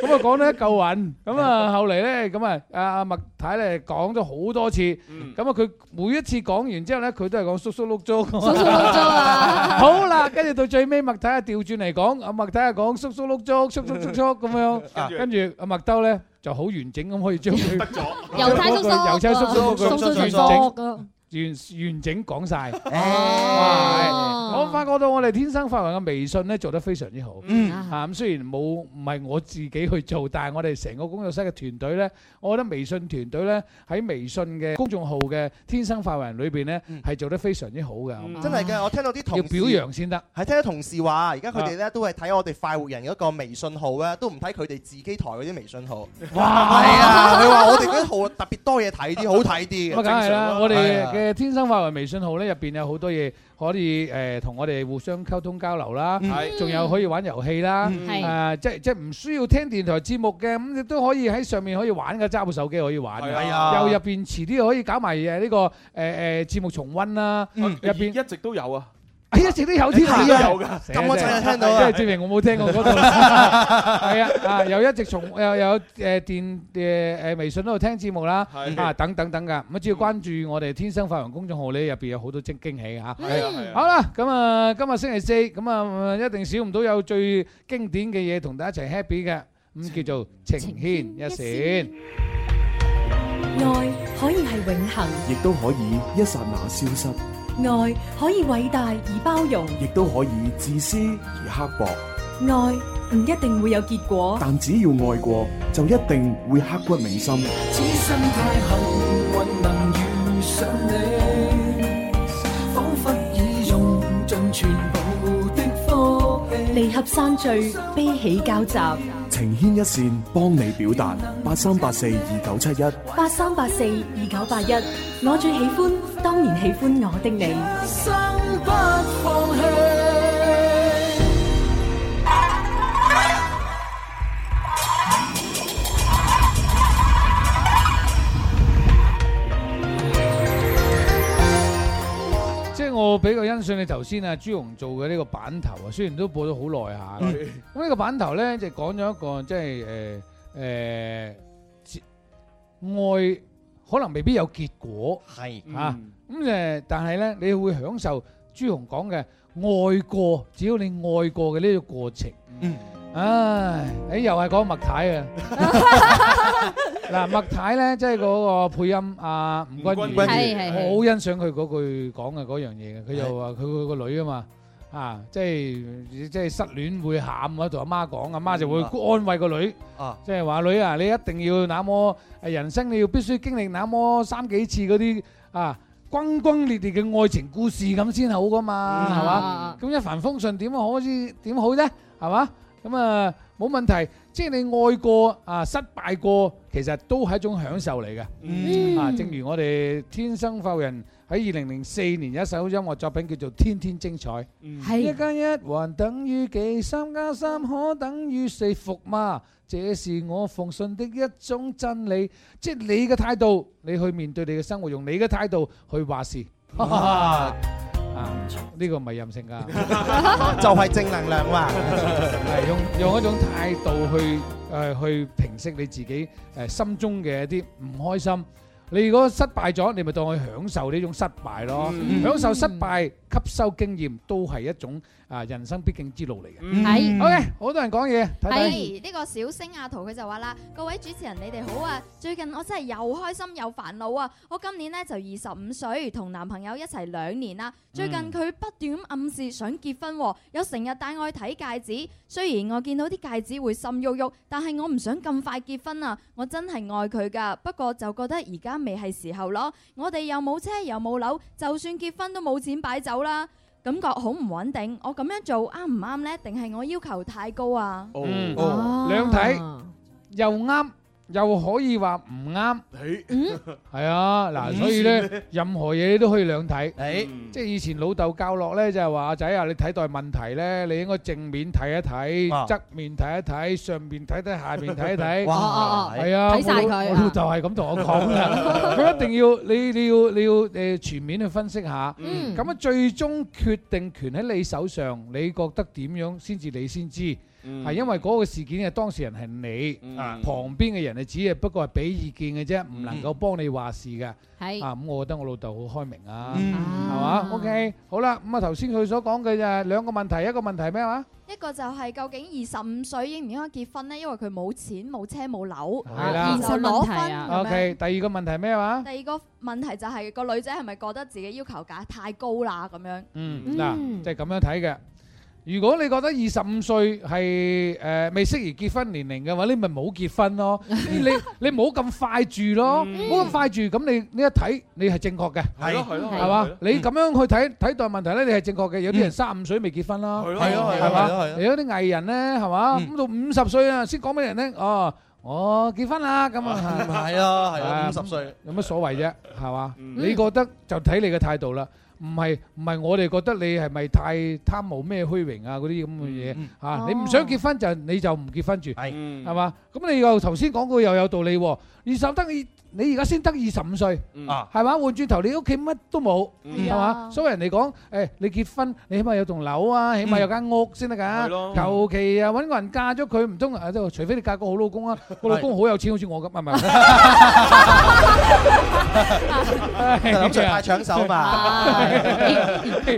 [SPEAKER 4] 咁啊講得一嚿雲，咁啊後嚟咧咁啊阿麥太咧講咗好多次，咁啊佢每一次講完。之後咧，佢都係講叔叔碌足，叔叔碌足啊！好啦，跟住到最尾麥太啊調轉嚟講，阿麥太啊講叔叔碌足，叔叔叔足咁樣，跟住阿麥兜咧就好完整咁可以將佢。得咗。郵差叔叔。郵差叔叔。叔叔叔。完完整講晒，我發覺到我哋天生快活人嘅微信咧做得非常之好。嗯，啊咁雖然冇唔係我自己去做，但係我哋成個工作室嘅團隊咧，我覺得微信團隊咧喺微信嘅公眾號嘅天生快活人裏邊咧係做得非常之好嘅。真係嘅，我聽到啲同事要表揚先得。係
[SPEAKER 2] 聽到同事話，而家佢哋咧都係睇我哋快活人嗰個微信號呀，都唔睇佢哋自己台嗰啲微信號。哇，係啊！佢話我哋嗰啲號特別多嘢睇啲，好睇啲。咁啊，梗係啦，我哋。
[SPEAKER 4] 嘅天生快活微信號咧，入邊有好多嘢可以誒，同我哋互相溝通交流啦。係，仲有可以玩遊戲啦。係，誒，即即唔需要聽電台節目嘅，咁你都可以喺上面可以玩嘅，揸部手機可以玩。係啊，又入邊遲啲可以搞埋誒呢個誒誒節目重溫啦。嗯，入邊一直都有啊。係一直都有添啊！咁我真係聽到啊！即係證明我冇聽過嗰度。係啊啊！又一直從又有誒電誒誒微信嗰度聽節目啦，啊等等等噶。咁啊，只要關注我哋天生發揚公眾號咧，入邊有好多精驚喜嚇。係啊！好啦，咁啊，今日星期四，咁啊，一定少唔到有最經典嘅嘢同大家一齊 happy 嘅，咁叫做情牽一線。愛可以係永恆，亦
[SPEAKER 5] 都可以一剎那消失。
[SPEAKER 6] 愛可以偉大而包容，
[SPEAKER 5] 亦都可以自私而刻薄。
[SPEAKER 1] 愛唔一定會有結果，
[SPEAKER 5] 但只要愛過，就一定會刻骨銘心。
[SPEAKER 1] 此生太幸運能遇
[SPEAKER 4] 上你。
[SPEAKER 6] 離合散聚、悲喜交集、
[SPEAKER 5] 情牽一線、幫你表達。八三八四二九七一，
[SPEAKER 6] 八三八四二九八一。我最
[SPEAKER 1] 喜歡，當然喜歡我的你。
[SPEAKER 3] 心不放
[SPEAKER 4] 我比較欣賞你頭先啊朱紅做嘅呢個版頭啊，雖然都播咗好耐下，咁呢個版頭咧就講咗一個即係誒誒愛，可能未必有結果係啊，咁誒但係咧你會享受朱紅講嘅愛過，只要你愛過嘅呢個過程。嗯唉，哎，又係講麥太啊！嗱，麥太咧，即係嗰個配音啊吳君如，係係係，好欣賞佢嗰句講嘅嗰樣嘢嘅。佢又話佢個個女啊嘛，啊，即係即係失戀會喊啊，同阿媽講，阿媽就會安慰個女啊，即係話女啊，你一定要那麼誒，人生你要必須經歷那麼三幾次嗰啲啊，轟轟烈烈嘅愛情故事咁先好噶嘛，係嘛？咁一帆風順點可以點好啫？係嘛？咁啊，冇問題。即係你愛過啊，失敗過，其實都係一種享受嚟嘅。嗯、啊，正如我哋天生快活人喺二零零四年有一首音樂作品叫做《天天精彩》。係、嗯、是一加一還等於幾？三加三可等於四？服嗎？這是我奉信的一種真理。即係你嘅態度，你去面對你嘅生活，用你嘅態度去話事。哇 呢、啊，這個唔係任性噶、 啊，就係、是、正能量嘛、啊，係、啊、用用一種態度去誒、呃、去平息你自己誒、呃、心中嘅一啲唔開心。你如果失敗咗，你咪當佢享受呢種失敗咯，享受失敗吸收經驗都係一種啊人生必經之路嚟嘅。係，OK，好多人講嘢。係
[SPEAKER 1] 呢個小星阿圖佢就話啦：各位主持人你哋好啊！最近我真係又開心又煩惱啊！我今年呢就二十五歲，同男朋友一齊兩年啦。最近佢不斷咁暗示想結婚喎，有成日帶我去睇戒指。雖然我見到啲戒指會心鬱鬱，但係我唔想咁快結婚啊！我真係愛佢㗎，不過就覺得而家，未係時候咯，我哋又冇車又冇樓，就算結婚都冇錢擺酒啦，感覺好唔穩定。我咁樣做啱唔啱咧？定係我要求太高啊？哦，兩睇
[SPEAKER 4] 又啱，又可以話唔啱，係啊，嗱，所以呢，任何嘢你都可以兩睇，即係以前老豆教落呢，就係話仔啊，你睇待問題呢，你應該正面睇一睇，側面睇一睇，上面睇睇，下面睇一睇，係啊，睇曬佢，老豆就係咁同我講嘅，佢一定要你你要你要誒全面去分析下，咁啊最終決定權喺你手上，你覺得點樣先至你先知。係因為嗰個事件嘅當事人係你啊，旁邊嘅人你只係不過係俾意見嘅啫，唔能夠幫你話事嘅。係啊，咁我覺得我老豆好開明啊，係嘛？OK，好啦，咁啊頭先佢所講嘅就係兩個問題，一個問題咩話？
[SPEAKER 1] 一個就係究竟二十五歲應唔應該結婚呢？因為佢冇錢、冇車、冇樓，
[SPEAKER 4] 現實問題啊。OK，第二個問題係咩話？
[SPEAKER 1] 第二個問題就係個女仔係咪覺得自己要求價太高啦？咁樣
[SPEAKER 4] 嗯，嗱，即係咁樣睇嘅。如果你覺得二十五歲係誒未適宜結婚年齡嘅話，你咪冇結婚咯。你你冇咁快住咯，冇咁快住。咁你你一睇你係正確嘅，係咯係咯，係嘛？你咁樣去睇態度問題咧，你係正確嘅。有啲人三五歲未結婚啦，係咯係嘛？有啲藝人咧係嘛？咁到五十歲啊先講俾人聽哦，我結婚啦咁啊，係啊係啊，五十歲有乜所謂啫？係嘛？你覺得就睇你嘅態度啦。唔係唔係，我哋覺得你係咪太貪慕咩虛榮啊？嗰啲咁嘅嘢，你唔想結婚就你就唔結婚住，係係嘛？咁你又頭先講過，又有道理喎，啊，你實得你。你而家先得二十五歲，係嘛？換轉頭你屋企乜都冇，係嘛？所以人哋講，誒，你結婚你起碼有棟樓啊，起碼有間屋先得㗎。求其啊，揾個人嫁咗佢唔通？誒，即除非你嫁個好老公啊，個老公好有錢，好似我咁，係咪係咪？諗住太搶手嘛，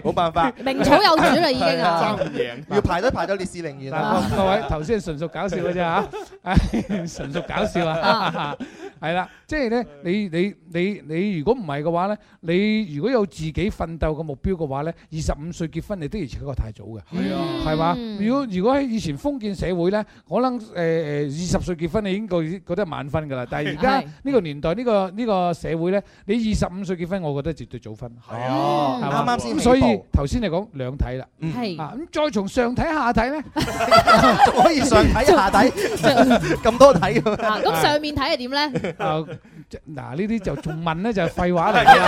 [SPEAKER 4] 冇辦法，名草有主啦已經啊，爭唔
[SPEAKER 3] 贏，
[SPEAKER 2] 要
[SPEAKER 4] 排都排到烈士陵園啦。各位頭先純屬搞笑嘅啫嚇，唉，純屬搞笑啊。係啦，即係咧，你你你你如果唔係嘅話咧，你如果有自己奮鬥嘅目標嘅話咧，二十五歲結婚，你的而且確太早嘅，係啊，係嘛？如果如果喺以前封建社會咧，可能誒誒二十歲結婚，你已經覺已覺得晚婚噶啦。但係而家呢個年代呢個呢個社會咧，你二十五歲結婚，我覺得絕對早婚，係啊，啱啱先到。咁所以頭先你講兩睇啦，係啊，咁再從上睇下睇咧，可以上睇下睇咁多睇啊？咁上
[SPEAKER 6] 面睇係點咧？
[SPEAKER 4] 就即嗱呢啲就仲問咧，就係廢話嚟嘅，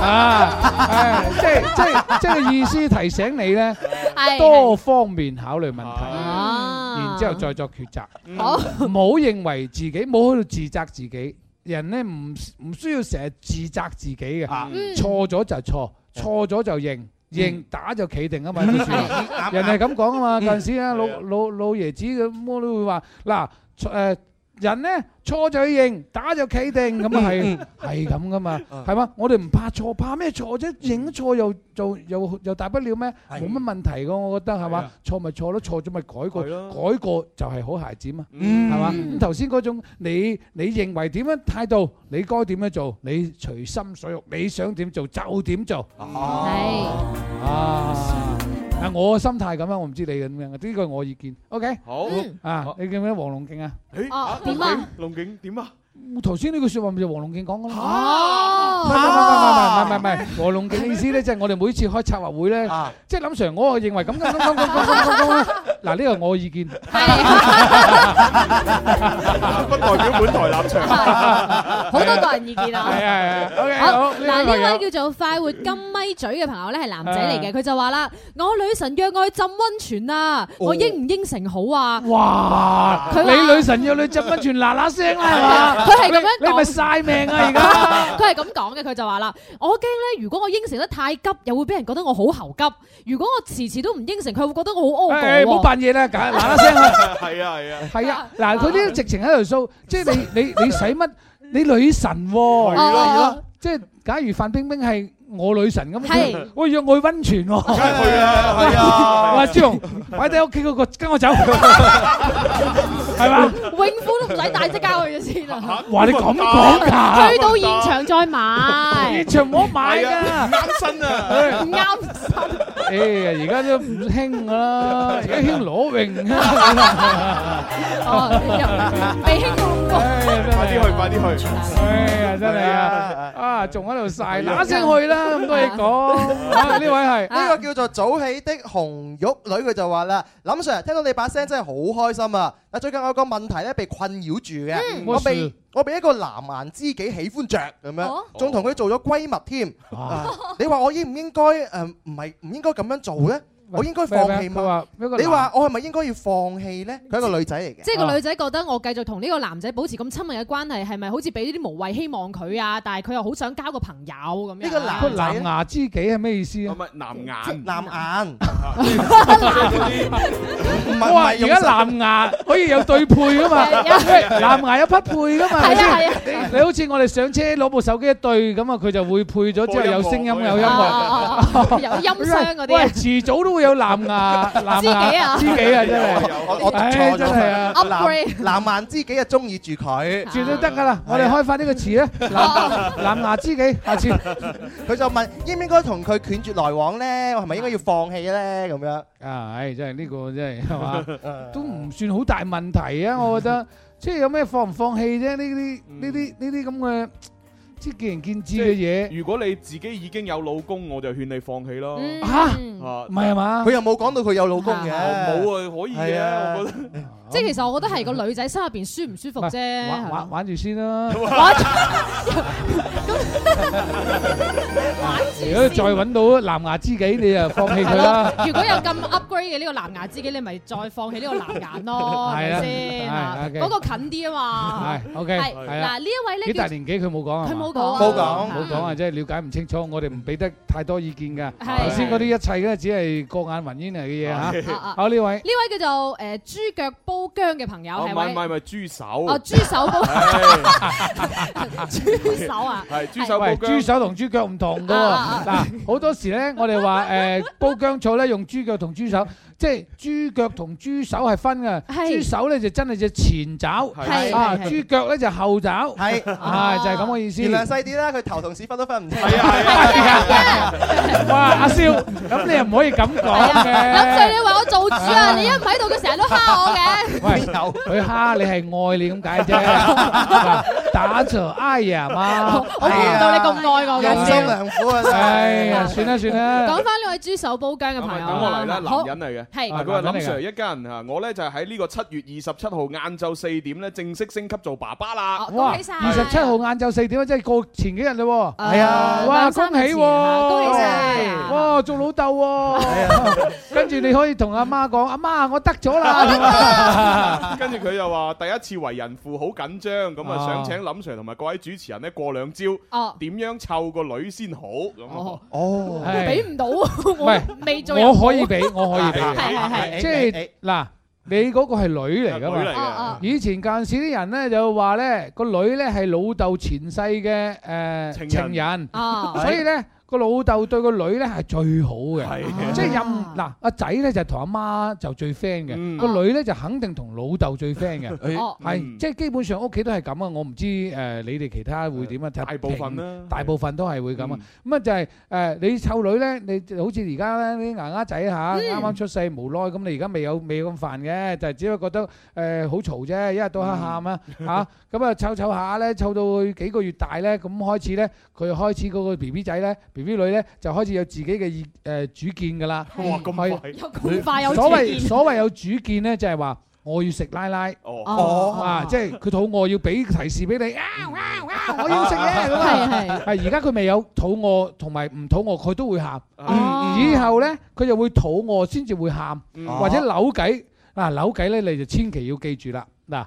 [SPEAKER 4] 啊，即即即嘅意思提醒你咧，
[SPEAKER 6] 多
[SPEAKER 4] 方面考慮問題，然之後再作抉擇，唔好認為自己，唔好喺度自責自己，人咧唔唔需要成日自責自己嘅，錯咗就錯，錯咗就認，認打就企定啊嘛，人係咁講啊嘛，陣時啊老老老爺子咁乜都會話嗱誒。人呢，錯就去認，打就企定，咁啊係，係咁噶嘛，係嘛、啊，我哋唔怕錯，怕咩錯啫？認咗錯又做又又大不了咩？冇乜是、啊、問題噶，我覺得係嘛是、啊，錯咪錯咯，錯咗咪改過，是啊、改過就係好孩子嘛，係嘛、嗯？咁頭先嗰種你，你你認為點樣態度，你該點樣做，你隨心所欲，你想點做就點做，係啊。我嘅心態咁樣，我唔知你咁樣，呢個係我意見。OK，好啊，你叫咩？黃龍景啊？誒點啊？龍景點啊？頭先呢句説話咪就黃龍景講嘅咯？哦，唔唔唔唔唔唔唔，黃龍景嘅意思咧，即係我哋每次開策劃會咧，即係林 Sir，我係認為咁嘅。嗱，呢個我意見，係不代表本台立場，好多個
[SPEAKER 3] 人意見啊。
[SPEAKER 5] 係係係。好，嗱
[SPEAKER 6] 呢位叫做快活金咪嘴嘅朋友咧，係男仔嚟嘅，佢就話啦：我女神約我去浸溫泉啊，我應唔應承好啊？哇！
[SPEAKER 4] 你女神約你浸溫泉，嗱嗱聲啦，係嘛？佢係
[SPEAKER 6] 咁樣講，你咪嘥命啊！而家。都係咁講嘅，佢就話啦：我驚咧，如果我應承得太急，又會俾人覺得我好猴急；如果我遲遲都唔應承，佢會
[SPEAKER 4] 覺得我好惡果。誒，冇扮嘢啦，梗係嗱嗱聲啦。係啊係啊，係啊！嗱，佢啲直情喺度數，即係你你你使乜？你女神喎，係啊，係啊！即係假如范冰冰係我女神咁，我約我去温泉喎。梗係去啦，係啊！我話朱紅擺低屋企嗰個，跟我走。係嘛，泳褲都唔使
[SPEAKER 6] 帶即交佢先啦。哇！你咁講噶，去到現場再買，現場唔
[SPEAKER 4] 好買
[SPEAKER 2] 噶，啱身啊，唔啱
[SPEAKER 4] 身。哎呀，而家都唔興啦，而家興裸泳啊。哦，又唔比興旺喎。快啲去，快啲去。哎呀，真係啊，啊仲喺度曬，
[SPEAKER 5] 打
[SPEAKER 2] 聲去啦，咁多嘢講。啊，呢位係呢個叫做早起的紅玉女，佢就話啦，林 sir 聽到你把聲真係好開心啊。嗱，最近。我有個問題咧被困擾住嘅，嗯、我被我被一個男顏知己喜歡着咁樣，仲同佢做咗閨蜜添、啊啊。你話我應唔應該誒，唔係唔應該咁樣做呢？我應該放棄嗎？你話我係咪應該要放棄咧？佢係一個女仔嚟嘅，即係個女仔
[SPEAKER 6] 覺得我繼續同呢個男仔保持咁親密嘅關係，係咪好似俾呢啲無謂希望佢啊？但係佢又好想交個朋友咁
[SPEAKER 2] 樣。呢個藍藍
[SPEAKER 4] 牙知己係咩意思啊？唔係藍牙，藍牙。
[SPEAKER 2] 哇，而家藍
[SPEAKER 4] 牙可以有對配噶嘛？藍牙有匹配噶嘛？係啊，係啊，你你好似我哋上車攞部手機一對咁啊，佢就會配咗之後有聲音、有音樂、有音箱嗰啲，喂，遲早都會。有藍牙，知己啊，知己啊，真係，我我真係啊，
[SPEAKER 2] 藍藍牙知己啊，中意住佢，住都得噶啦。我哋開發呢個詞啊！藍藍牙知己，下次佢就問應唔應該同佢斷絕來往咧？我係咪應該要放棄咧？咁樣啊，
[SPEAKER 4] 唉真係呢個真係，係嘛，都唔算好大問題啊。我覺得即係有咩放唔放棄啫？呢啲呢啲呢啲咁嘅。即見仁見智嘅嘢，如果你
[SPEAKER 5] 自己已經有老公，我就勸你放棄咯吓？嗯、啊
[SPEAKER 4] 唔係嘛，佢又冇講到佢有
[SPEAKER 2] 老公嘅，冇啊可以嘅，啊、我覺
[SPEAKER 5] 得。
[SPEAKER 6] 即係其實我覺得係個女仔心入邊舒唔舒服
[SPEAKER 4] 啫，玩玩住先啦。如
[SPEAKER 3] 果
[SPEAKER 4] 再揾到藍牙知己，你就放棄佢啦。如
[SPEAKER 6] 果有咁 upgrade 嘅呢個藍牙知己，你咪再放棄呢個藍牙咯，係咪先？嗰個近啲啊嘛。係
[SPEAKER 4] OK 嗱。呢一位呢幾大年紀，佢冇講，佢冇講，冇講，冇講啊！即係了解唔清楚，我哋唔俾得太多意見㗎。頭先嗰啲一切咧，只係過眼雲煙嚟嘅嘢嚇。好，呢位，
[SPEAKER 6] 呢位叫做誒豬腳煲。煲薑嘅朋友係咪？唔
[SPEAKER 4] 係唔係豬手啊！
[SPEAKER 6] 豬喂
[SPEAKER 5] 手煲薑，豬手啊！係豬手煲薑，豬
[SPEAKER 4] 手同豬腳唔同噶。嗱，好多時咧，我哋話誒，煲薑醋咧用豬腳同豬手。即係豬腳同豬手係分嘅，豬手咧就真係隻前爪，啊豬腳咧就後爪，係啊就係咁嘅意思。你量細
[SPEAKER 2] 啲啦，佢頭同屎忽都分唔清。
[SPEAKER 4] 係啊係啊！哇，阿肖咁你又唔可以咁講嘅。有時你話
[SPEAKER 6] 我做豬啊，你一唔喺度佢成日都蝦我嘅。喂，
[SPEAKER 4] 佢蝦你係愛你咁解啫。打坐，哎呀媽！我見到你咁愛我。仁心良苦啊！哎呀，算啦算啦。
[SPEAKER 6] 講翻呢位豬手煲雞嘅朋友。咁啊等我嚟
[SPEAKER 5] 啦，男人嚟嘅。係佢話林 sir 一家人吓，我咧就喺呢個七月二十七號晏晝四點咧正式升級做爸爸啦。
[SPEAKER 4] 恭喜晒！二十七號晏晝四點即係過前幾日嘞。係啊，哇，恭喜，恭喜晒！哇，做老豆，
[SPEAKER 5] 跟住你
[SPEAKER 4] 可以同阿媽講，阿媽我得咗啦。
[SPEAKER 5] 跟住佢又話第一次為人父好緊張，咁啊想請林 sir 同埋各位主持人咧過兩招，點樣湊個女先好
[SPEAKER 4] 咁。哦，俾唔到，我未做，我可以俾，我可以俾。係係係，即係嗱，你嗰個係女嚟㗎嘛？哦哦、以前嗰陣時啲人咧就話咧，個女咧係老豆前世嘅誒、呃、情人，情人哦，所以咧。 個老豆對個女咧係最好嘅，即係任嗱阿仔咧就同阿媽就最 friend 嘅，個女咧就肯定同老豆最 friend 嘅，係即係基本上屋企都係咁啊！我唔知誒你哋其他會點啊？大部分啦，大部分都係會咁啊！咁啊就係誒你湊女咧，你好似而家咧啲牙丫仔嚇啱啱出世無耐咁，你而家未有未咁煩嘅，就只不過覺得誒好嘈啫，一日到黑喊啊嚇咁啊，湊湊下咧，湊到佢幾個月大咧，咁開始咧佢開始嗰個 BB 仔咧。V 女咧就開始有自己嘅意誒主見噶啦，哇咁係有咁快有所謂所謂有主見咧，就係話我要食奶奶哦啊，即係佢肚餓要俾提示俾你啊，
[SPEAKER 3] 我要食嘅，咁係
[SPEAKER 4] 係係而家佢未有肚餓同埋唔肚餓，佢都會喊。以後咧佢就會肚餓先至會喊，或者扭計嗱扭計咧，你就千祈要記住啦嗱。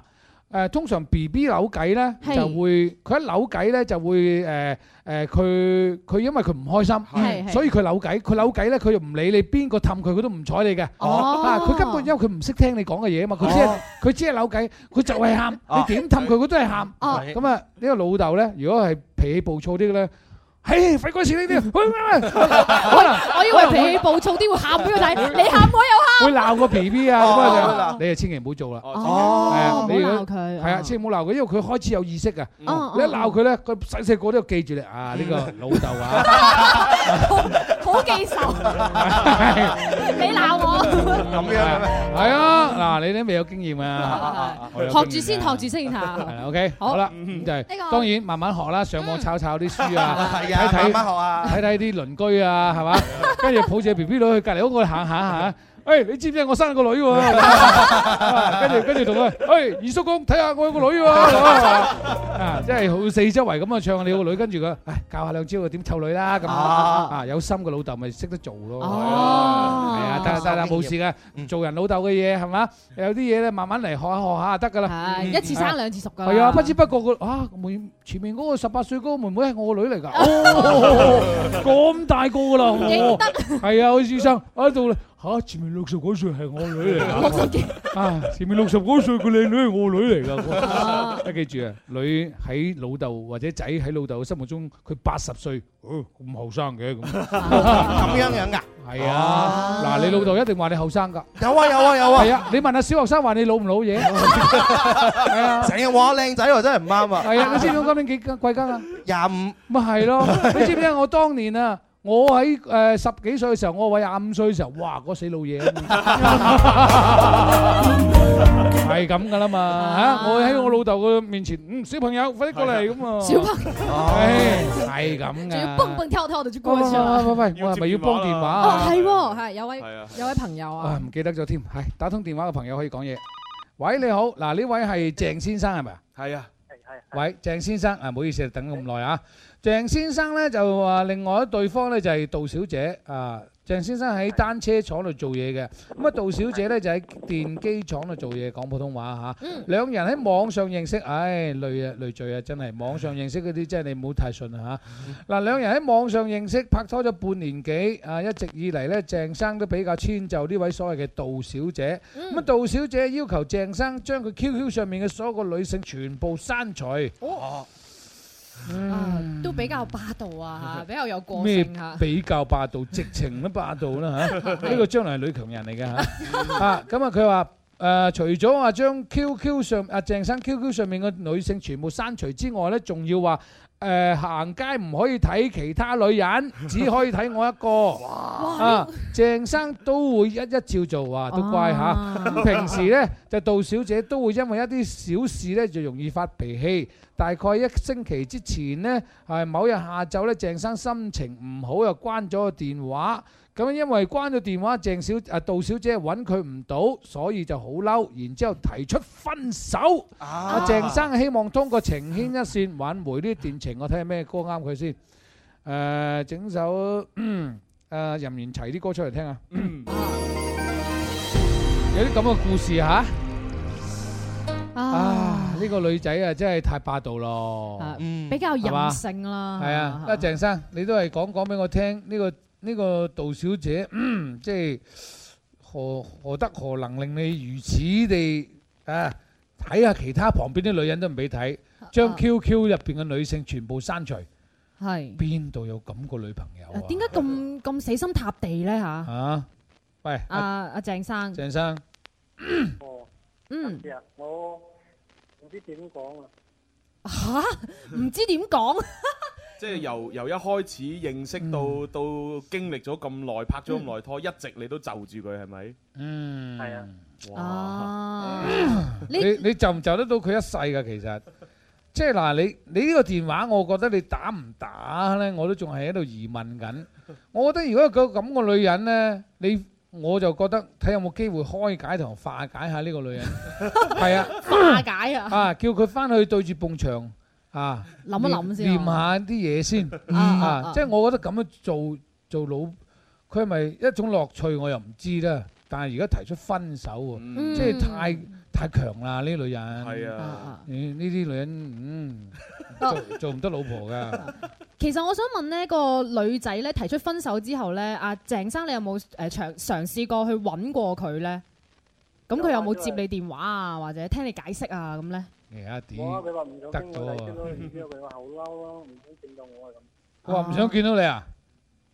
[SPEAKER 4] 誒通常 B B 扭計咧是，就會佢一扭計咧，就會誒誒佢佢因為佢唔開心，係係所以佢扭計。佢扭計咧，佢又唔理你邊個氹佢，佢都唔睬你嘅。哦，佢根本因為佢唔識聽你講嘅嘢啊嘛，佢只係佢、哦、只係扭計，佢就係喊。哦、你點氹佢，佢都係喊。咁啊，呢個老豆咧，如果係脾氣暴躁啲嘅咧。哎，費鬼事呢啲，喂喂喂，我以為脾氣
[SPEAKER 6] 暴躁啲會喊俾佢睇，你喊我又喊，會
[SPEAKER 4] 鬧個 B B 啊，咁樣你就千祈唔好做啦，哦，你係啊，千祈唔好鬧佢，因為佢開始有意識噶，你一鬧佢咧，佢細細個都記住你，啊呢個老豆啊。
[SPEAKER 6] 好記
[SPEAKER 4] 仇，你鬧我咁樣，係啊，嗱，你都未有經驗啊，學住先，學住先嚇，OK，好啦，就係當然慢慢學啦，上網抄抄啲書啊，睇睇慢慢學啊，睇睇啲鄰居啊，係嘛，跟住抱住 B B 女去隔離屋度行下嚇。誒，你知唔知啊？我生個女喎，跟住跟住同佢，誒，二叔公睇下我有個女喎，啊，即係好四周圍咁啊，唱你個女，跟住佢，誒，教下兩招點湊女啦，咁啊，啊，有心嘅老豆咪識得做咯，係啊，得得啦冇事嘅，唔做人老豆嘅嘢係嘛？有啲嘢咧，慢慢嚟學下學下就得噶啦，係一次生兩次熟噶，係啊，不知不覺個啊，妹前面嗰個十八歲嗰個妹妹係我個女嚟噶，咁大個噶啦，係啊，我先生喺度。吓！前面六十幾歲係我女嚟㗎，啊！前面六十幾歲個靚女係我女嚟㗎。啊！記住啊，女喺老豆或者仔喺老豆嘅心目中，佢八十歲，咁後生嘅咁。咁樣樣㗎，係啊！嗱，你老豆一定話你後生㗎。有啊有啊有啊！係啊，你問下小學生話你老唔老嘢？係啊。成日話靚仔又真係唔啱啊！係啊，你知唔知今年幾貴庚啊？廿五，咪係咯。你知唔知我當年啊？我喺誒十幾歲嘅時候，我喺廿五歲嘅時候，哇！嗰死老嘢，係咁噶啦嘛嚇！我喺我老豆嘅面前，嗯，小朋友快啲過嚟咁啊！小朋友，係係咁嘅。仲要
[SPEAKER 6] 蹦蹦跳跳地就過嚟。
[SPEAKER 4] 喂喂喂，我係咪要放電話？哦，係喎，
[SPEAKER 6] 係有位有位朋友啊，唔
[SPEAKER 4] 記得咗添。係打通電話嘅朋友可以講嘢。喂，你好，嗱，呢位係鄭先生係咪？係啊。喂，鄭先生啊，唔好意思，等咁耐啊。鄭、欸、先生咧就話，另外一對方咧就係、是、杜小姐啊。鄭先生喺單車廠度做嘢嘅，咁啊杜小姐呢就喺電機廠度做嘢，講普通話吓。兩人喺網上認識，唉，累啊，累贅啊，真係！網上認識嗰啲，即係你唔好太信啦吓。嗱，兩人喺網上認識，拍拖咗半年幾，啊一直以嚟呢，鄭生都比較遷就呢位所謂嘅杜小姐。咁啊，杜小姐要求鄭生將佢 QQ 上面嘅所有個女性全部刪除。啊，嗯、
[SPEAKER 6] 都比較霸道啊，比較有個性嚇、啊。比
[SPEAKER 4] 較霸道，直情都霸道啦、啊、嚇。呢 個將來係女強人嚟嘅嚇。 啊，咁、嗯、啊，佢話誒，除咗話將 QQ 上啊、呃、鄭生 QQ 上面嘅女性全部刪除之外咧，仲要話。誒行、呃、街唔可以睇其他女人，只可以睇我一個哇啊！鄭哇生都會一一照做啊，都乖嚇。啊、平時呢，就杜小姐都會因為一啲小事呢就容易發脾氣。大概一星期之前呢，誒某日下晝呢，鄭生心情唔好又關咗個電話。咁因為關咗電話，鄭小啊，杜小姐揾佢唔到，所以就好嬲，然之後提出分手。阿鄭生希望通過情牽一線挽回呢段情，我睇下咩歌啱佢先。誒，整首誒任賢齊啲歌出嚟聽啊！有啲咁嘅故事嚇
[SPEAKER 3] 啊！
[SPEAKER 4] 呢個女仔啊，真係太霸道咯，比較任性啦。係啊，啊鄭生，你都係講講俾我聽呢個。呢個杜小姐，即係何何德何能令你如此地啊？睇下其他旁邊啲女人都唔俾睇，將 QQ 入邊嘅女性全部刪除。係邊度有咁個女朋
[SPEAKER 6] 友啊？點解咁咁死心塌地咧嚇？
[SPEAKER 4] 嚇！喂，阿
[SPEAKER 6] 阿鄭生。
[SPEAKER 5] 鄭
[SPEAKER 4] 生。哦。
[SPEAKER 7] 嗯。我唔知點講
[SPEAKER 6] 啊。嚇！唔知點講。
[SPEAKER 5] 即係由由一開始認識到到經歷咗咁耐拍咗咁耐拖，一直你都就住佢係咪？嗯，係啊。
[SPEAKER 4] 哇！你你就唔就得到佢一世㗎？其實，即係嗱，你你呢個電話，我覺得你打唔打咧，我都仲係喺度疑問緊。我覺得如果個咁個女人咧，你我就覺得睇有冇機會開解同化解下呢個女人。係啊，化解啊！啊，叫佢返去對住埲牆。啊，諗一諗先，掂下啲嘢先啊！即係我覺得咁樣做做老，佢係咪一種樂趣？我又唔知啦。但係而家提出分手喎，即係太太強啦！呢啲女人係啊，呢啲女人嗯做唔得老婆㗎。
[SPEAKER 6] 其實我想問呢個女仔咧，提出分手之後咧，阿鄭生你有冇誒嘗嘗試過去揾過佢咧？咁佢有冇接你電話啊？或者聽你解釋啊？咁咧？
[SPEAKER 4] 而家點？得咗啊！佢話好嬲咯，唔想見到我啊咁。佢話唔想見到你啊？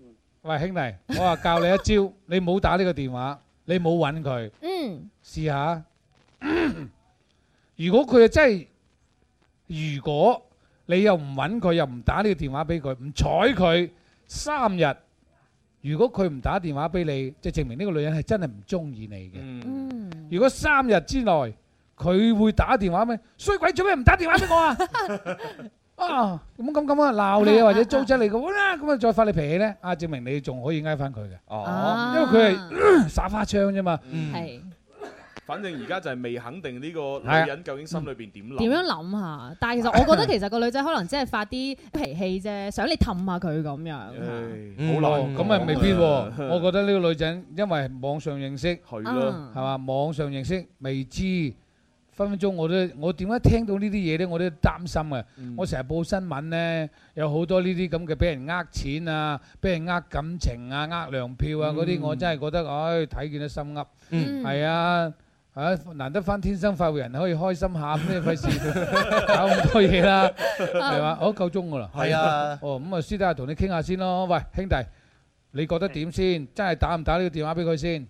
[SPEAKER 4] 嗯。喂，兄弟，我話教你一招，你唔好打呢個電話，你唔好搵佢。嗯。試下。如果佢真係，如果你又唔搵佢，又唔打呢個電話俾佢，唔睬佢三日，如果佢唔打電話俾你，就證明呢個女人係真係唔中意你嘅。嗯。如果三日之內，佢會打電話咩？衰鬼做咩唔打電話俾我啊？啊，咁咁咁啊！鬧你啊，或者租出嚟嘅啦，咁啊再發你脾氣咧，啊證明你仲可以挨翻佢嘅。哦，因為佢係耍花槍啫嘛。嗯，係。
[SPEAKER 5] 反正而家就係未肯定呢個女人究竟心裏邊點諗，
[SPEAKER 6] 點樣諗下。但係其實我覺得其實個女仔可能只係發啲脾氣啫，想你氹下佢咁樣。唉，好
[SPEAKER 4] 難，咁啊未必。我覺得呢個女仔因為網上認識係咯，係嘛？網上認識未知。分分鐘我都，我點解聽到呢啲嘢咧，我都擔心啊。嗯、我成日報新聞咧，有好多呢啲咁嘅，俾人呃錢啊，俾人呃感情啊，呃糧票啊嗰啲，嗯、我真係覺得，唉、哎，睇見都心噏。嗯。係啊，嚇、啊、難得返天生快活人可以開心下，咩費事搞咁多嘢啦？係嘛，好夠鐘㗎啦。係啊。哦，咁啊，私底下同你傾下先咯。喂，兄弟，你覺得點先？真係打唔打呢個電話俾佢先？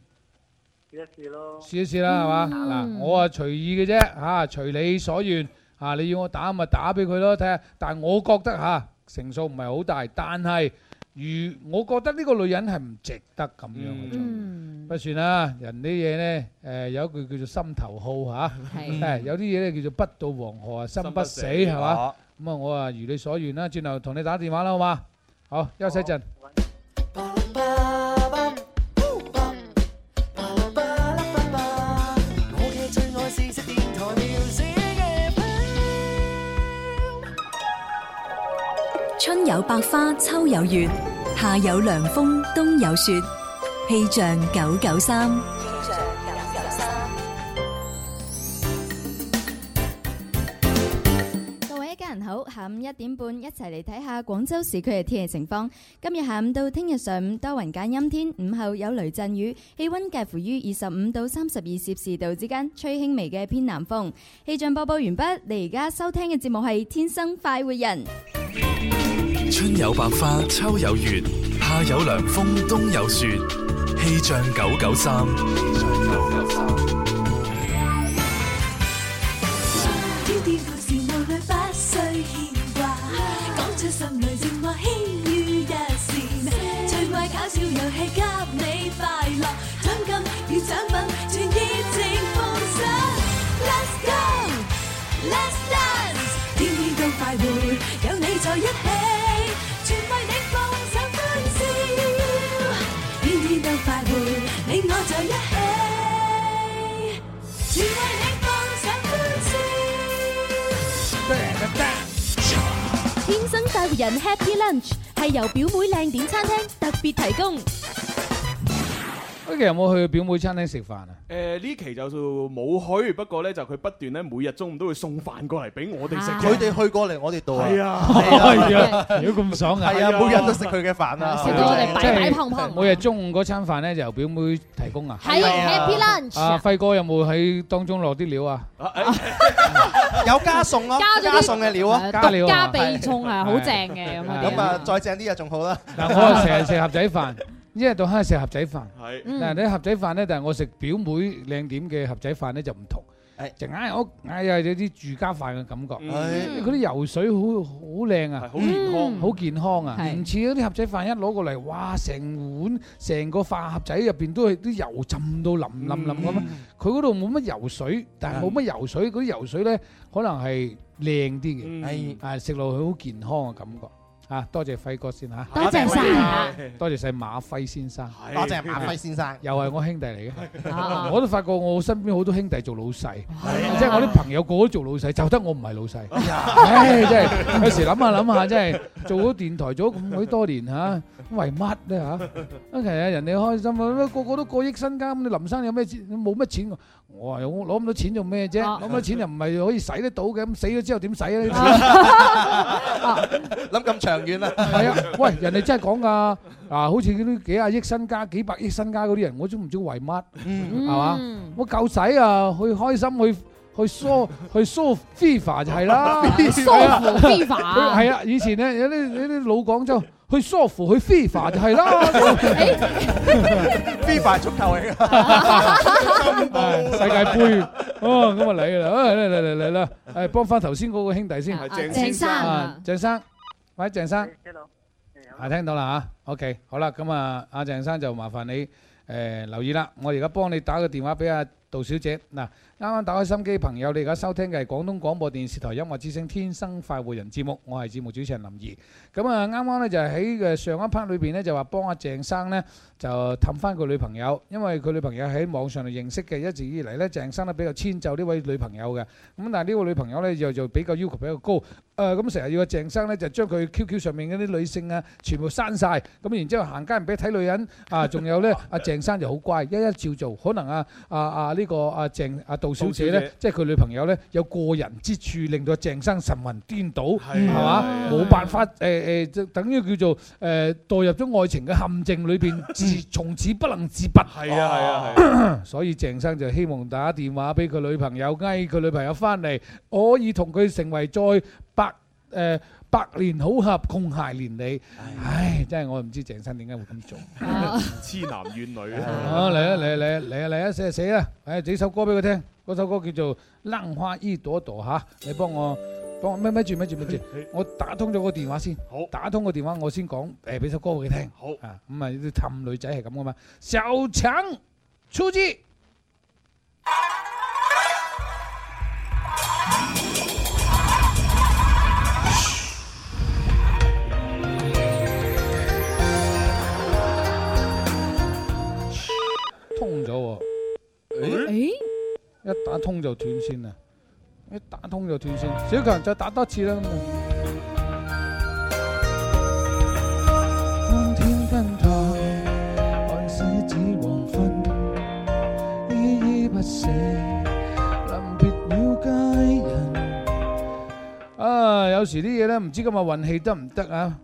[SPEAKER 4] 試一試咯，試一試啦，係嘛？嗱，我啊隨意嘅啫，吓，隨你所願，吓，你要我打咪打俾佢咯，睇下。但係我覺得吓成數唔係好大，但係如我覺得呢個女人係唔值得咁樣嘅，不算啦。人啲嘢咧，誒，有一句叫做心頭好吓，係有啲嘢咧叫做不到黃河心不死，係嘛？咁啊，我啊如你所願啦，轉頭同你打電話啦，好嘛？好，休息一陣。
[SPEAKER 1] 有百花，秋有月，夏有涼風，冬有雪。氣象九九三，氣象九九三，各位一家人好，下午一點半一齊嚟睇下廣州市區嘅天氣情況。今日下午到聽日上午多雲間陰天，午後有雷陣雨，氣温介乎於二十五到三十二攝氏度之間，吹輕微嘅偏南風。氣象播報完畢，你而家收聽嘅節目係《天生快活人》。
[SPEAKER 2] 春有百花，秋有月，夏有涼風，冬有雪，氣象九九三。
[SPEAKER 6] 天生快活人 Happy Lunch 係由表妹靚點餐廳特別提供。
[SPEAKER 4] 佢其實有冇去表妹餐廳食飯啊？
[SPEAKER 5] 誒呢期就冇去，不過咧就佢不斷咧每日中午都會送飯過嚟俾我哋
[SPEAKER 2] 食。佢哋去過嚟，我哋度啊。係啊，如果咁爽啊！係啊，每人都食佢嘅飯啊，食到我哋擺擺碰碰。每
[SPEAKER 4] 日中午嗰餐飯咧就由表妹提供啊，係啊，Happy Lunch。輝哥有冇喺當中落啲料啊？
[SPEAKER 2] 有加餸咯，加咗啲餸嘅料啊，加料啊，加味衝，係啊，好正嘅咁啊。咁啊，再正啲啊，仲好啦。嗱，我啊成日食盒
[SPEAKER 4] 仔飯。一日到黑食盒仔飯，但係啲盒仔飯咧，但係我食表妹靚點嘅盒仔飯咧，就唔同，就硬係屋硬係有啲住家飯嘅感覺。佢啲油水好好靚啊，好健康，好健康啊。唔似嗰啲盒仔飯一攞過嚟，哇！成碗成個飯盒仔入邊都係啲油浸到淋淋淋咁啊。佢嗰度冇乜油水，但係冇乜油水，嗰啲油水咧可能係靚啲嘅，係食落去好健康嘅感覺。啊！多謝輝哥先嚇，多謝曬，多謝曬馬輝先生，多謝馬輝先生，又係我兄弟嚟嘅，我都發覺我身邊好多兄弟做老細，即係我啲朋友個個做老細，就得我唔係老細，唉，即係有時諗下諗下，即係做咗電台咗咁鬼多年嚇，為乜咧嚇？OK 啊，人哋開心啊，個個都過億身家，咁你林生有咩錢？冇乜錢喎。我話我攞攞咁多錢做咩啫？攞咁多錢又唔係可以使得到嘅，咁死咗之後點使啊？諗咁
[SPEAKER 2] 長遠啊？係啊！喂，
[SPEAKER 4] 人哋真係講噶啊，好似嗰啲幾廿億身家、幾百億身家嗰啲人，我都唔知為乜，係嘛？我夠使啊，去開心，去去梳，去梳 free 翻就係啦，梳 free 翻。係啊，以前咧有啲有啲老廣州去梳扶去 free 翻就係啦，free 翻足球戲。係世界杯哦，咁啊嚟啦，嚟嚟嚟嚟啦，誒，幫翻頭先嗰個兄弟先，鄭鄭生，鄭生，喂，鄭生，你好，係聽到啦吓，OK，好啦，咁啊，阿鄭生就麻煩你誒留意啦，我而家幫你打個電話俾阿杜小姐嗱。啱啱打開心機，朋友，你而家收聽嘅係廣東廣播電視台音樂之聲《天生快活人》節目，我係節目主持人林怡。咁啊，啱啱咧就係喺嘅上一 part 裏邊咧，就話幫阿鄭生咧就氹翻個女朋友，因為佢女朋友喺網上度認識嘅，一直以嚟咧，鄭生咧比較遷就呢位女朋友嘅。咁但係呢個女朋友咧又又比較要求比較高，誒咁成日要阿鄭生咧就將佢 QQ 上面嗰啲女性啊全部刪曬，咁然之後行街唔俾睇女人啊，仲有咧阿鄭生就好乖，一一照做。可能啊啊啊呢個阿鄭阿。杜小姐呢，即係佢女朋友呢，有過人之處令到鄭生神魂顛倒，係嘛？冇辦法誒誒，就等於叫做誒墮入咗愛情嘅陷阱裏邊，自從此不能自拔。係啊係啊，所以鄭生就希望打電話俾佢女朋友，嗌佢女朋友翻嚟，可以同佢成為再白誒。百年好合共偕連理，唉，真係我唔知鄭生點解會咁做，
[SPEAKER 5] 痴男怨女啊！嚟啦
[SPEAKER 4] 嚟啦嚟嚟啦死啊死啊，誒整首歌俾佢聽，嗰首歌叫做《浪花一朵朵》嚇，你幫我幫我咪咪住咪住咪住，我打通咗個電話先，打通個電話我先講誒，俾首歌俾佢聽，好啊，咁啊呢啲氹女仔係咁噶嘛，就請出戰。Okay? 一打通就斷線啦，一打通就斷線。小強再打多次啦！滿天崩塌，愛寫紙黃昏，依依不捨，臨別要佳人。唉，有時啲嘢呢，唔知今日運氣得唔得啊？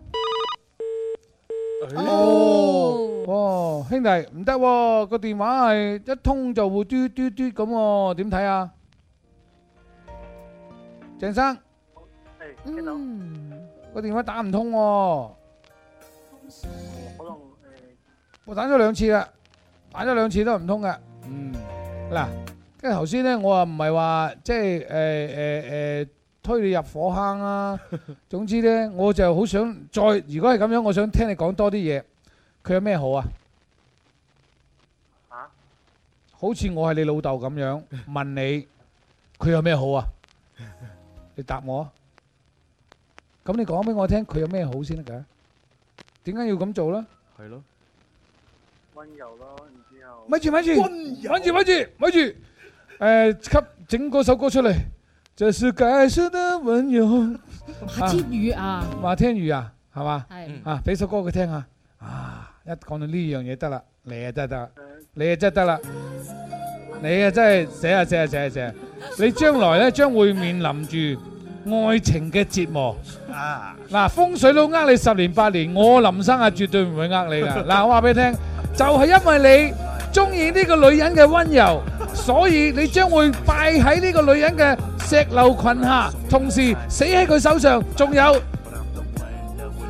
[SPEAKER 4] 唉唷！哦，兄弟唔得，個、哦、電話係一通就會嘟嘟嘟咁喎，點睇啊？鄭生，嗯，聽到。個電話打唔通， 我打咗兩次啦，打咗兩次都唔通㗎。嗯、呃，嗱、呃，跟住頭先咧，我啊唔係話即係誒誒誒推你入火坑啦、啊， 總之咧，我就好想再，如果係咁樣，我想聽你講多啲嘢。佢有咩好啊？啊？好似我係你老豆咁樣問你，佢有咩好啊？你答我。咁你講俾我聽佢有咩好先得噶？點解要咁做咧、
[SPEAKER 3] 啊？係咯。温柔咯，然之後咪住
[SPEAKER 4] 咪住咪住。誒，給、欸、整個首歌出嚟。這是《該死的温柔》。馬天宇啊。馬天宇啊，係嘛？係。啊，俾首歌佢聽下。啊。一講到呢樣嘢得啦，你啊真係得，你啊真係得啦，你啊真係寫啊寫啊寫啊寫，你將來咧將會面臨住愛情嘅折磨。啊，嗱風水佬呃你十年八年，我林生啊絕對唔會呃你噶。嗱我話俾你聽，就係因為你中意呢個女人嘅温柔，所以你將會拜喺呢個女人嘅石榴裙下，同時死喺佢手上，仲有。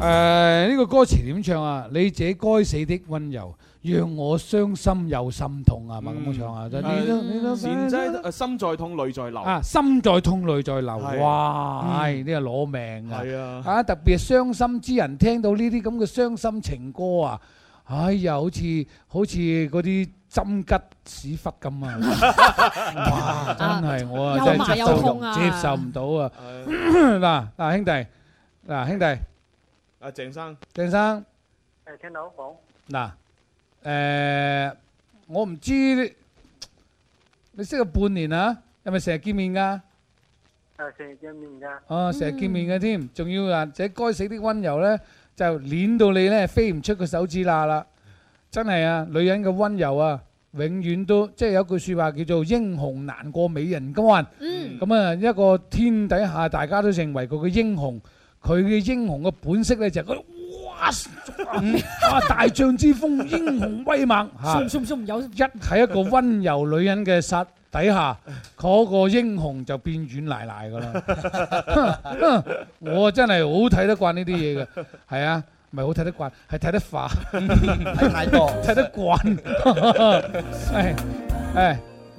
[SPEAKER 4] 誒，呢個歌詞點唱啊？你這該死的溫柔，讓我傷心又心痛啊！咪咁樣唱啊！真係，
[SPEAKER 5] 心在痛，淚在流。啊，
[SPEAKER 4] 心在痛，淚在流。哇，係呢個攞命啊！係啊，啊，特別係傷心之人聽到呢啲咁嘅傷心情歌啊，哎呀，好似好似嗰啲針拮屎忽咁啊！哇，真係我真係都接受唔到啊！嗱，嗱兄弟，嗱兄弟。阿鄭生，鄭生，
[SPEAKER 5] 誒，聽到，講
[SPEAKER 4] 嗱，誒，我唔知你識咗半年啊，係咪成日見面噶？誒，成
[SPEAKER 7] 日見面噶。
[SPEAKER 3] 哦，成日見面嘅添，
[SPEAKER 4] 仲要啊，這該死啲温柔咧，就捏到你咧，飛唔出個手指罅。啦！真係啊，女人嘅温柔啊，永遠都即係有一句說話叫做英雄難過美人關。嗯。咁啊，一個天底下，大家都認為佢個英雄，佢嘅英雄嘅本色咧就係，哇！啊，大將之風，英雄威猛。相唔相唔有？一喺一個温柔女人嘅膝底下，嗰個英雄就變軟奶奶噶啦。我真係好睇得慣呢啲嘢嘅，係啊，唔係好睇得慣，係睇得化，睇得多，睇得慣。係，誒，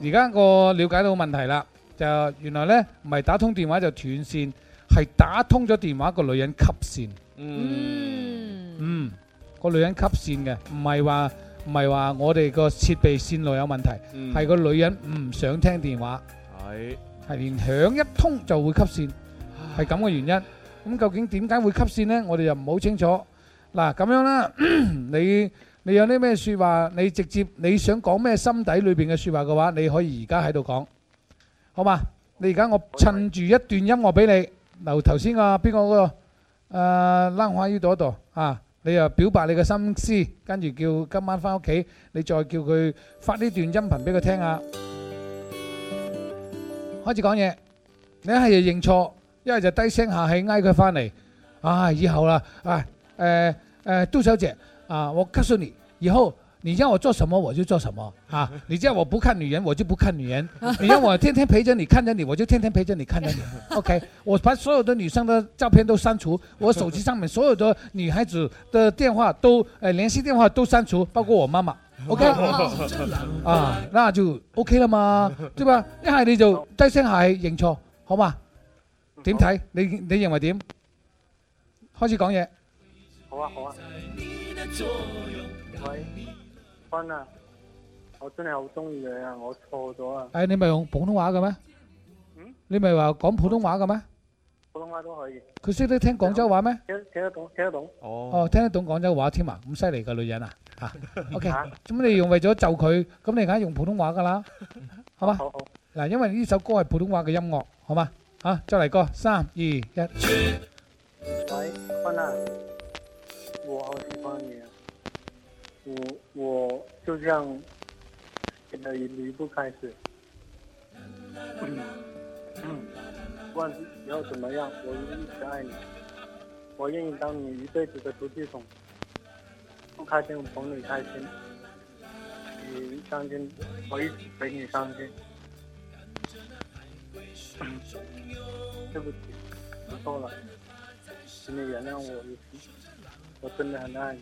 [SPEAKER 4] 而家個瞭解到問題啦，就原來咧唔係打通電話就斷線。係打通咗電話，個女人吸線。嗯嗯，個女人吸線嘅，唔係話唔係話我哋個設備線路有問題，係個女人唔想聽電話，係係連響一通就會吸線，係咁嘅原因。咁究竟點解會吸線呢？我哋又唔好清楚。嗱，咁樣啦，你你有啲咩説話，你直接你想講咩心底裏面嘅説話嘅話，你可以而家喺度講，好嘛？你而家我趁住一段音樂俾你。嗱，頭先個邊個嗰個誒冷漢於嗰度啊，你又表白你嘅心思，跟住叫今晚翻屋企，你再叫佢發呢段音頻俾佢聽啊。開始講嘢，你一係就認錯，一係就低聲下氣嗌佢翻嚟。啊，以後啦，啊誒誒，杜小姐啊，我告訴你，以後。你叫我做什麼我就做什麼啊！你叫我不看女人我就不看女人，你讓我天天陪着你看着你我就天天陪着你看着你。OK， 我把所有的女生的照片都刪除，我手機上面所有的女孩子的電話都誒聯,、呃、聯繫電話都刪除，包括我媽媽。OK， 啊， 啊、那就 OK 了嘛，對吧？一係你就低聲下氣認錯，好嗎？點睇？你你認為點？開始講嘢。
[SPEAKER 2] 好啊好啊。
[SPEAKER 5] 啊芬啊！我真係好中意
[SPEAKER 4] 你啊！我錯咗啊！哎，你咪用普通話嘅咩？嗯？你咪話講普通話嘅咩？普
[SPEAKER 5] 通
[SPEAKER 4] 話都可以。佢識得聽廣州話咩？聽
[SPEAKER 3] 聽得懂，聽得懂。哦。哦，
[SPEAKER 4] 聽得懂廣州話添啊？咁犀利嘅女人啊！吓，OK。咁你用為咗就佢，咁你而家用普通話噶啦，好嘛？好。嗱，因為呢首歌係普通話嘅音樂，好嘛？吓，再嚟個三二一。喂，芬
[SPEAKER 3] 啊！我好喜歡你啊！
[SPEAKER 7] 我我就這樣，現在也離不開你，嗯，不管是以後怎麼樣，我一直愛你，
[SPEAKER 5] 我願意當你一輩子的出氣筒，不開心我哄
[SPEAKER 2] 你開心，你傷心我一直陪你傷心，對不起，我錯了，
[SPEAKER 4] 請你原諒我，我真的很愛你。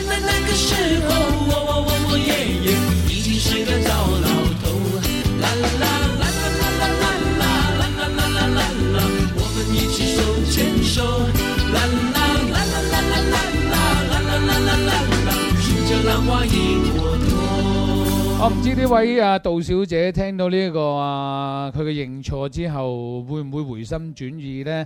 [SPEAKER 4] 我唔知呢位阿、啊、杜小姐聽到呢、這個佢嘅、啊、認錯之後，會唔會回心轉意呢？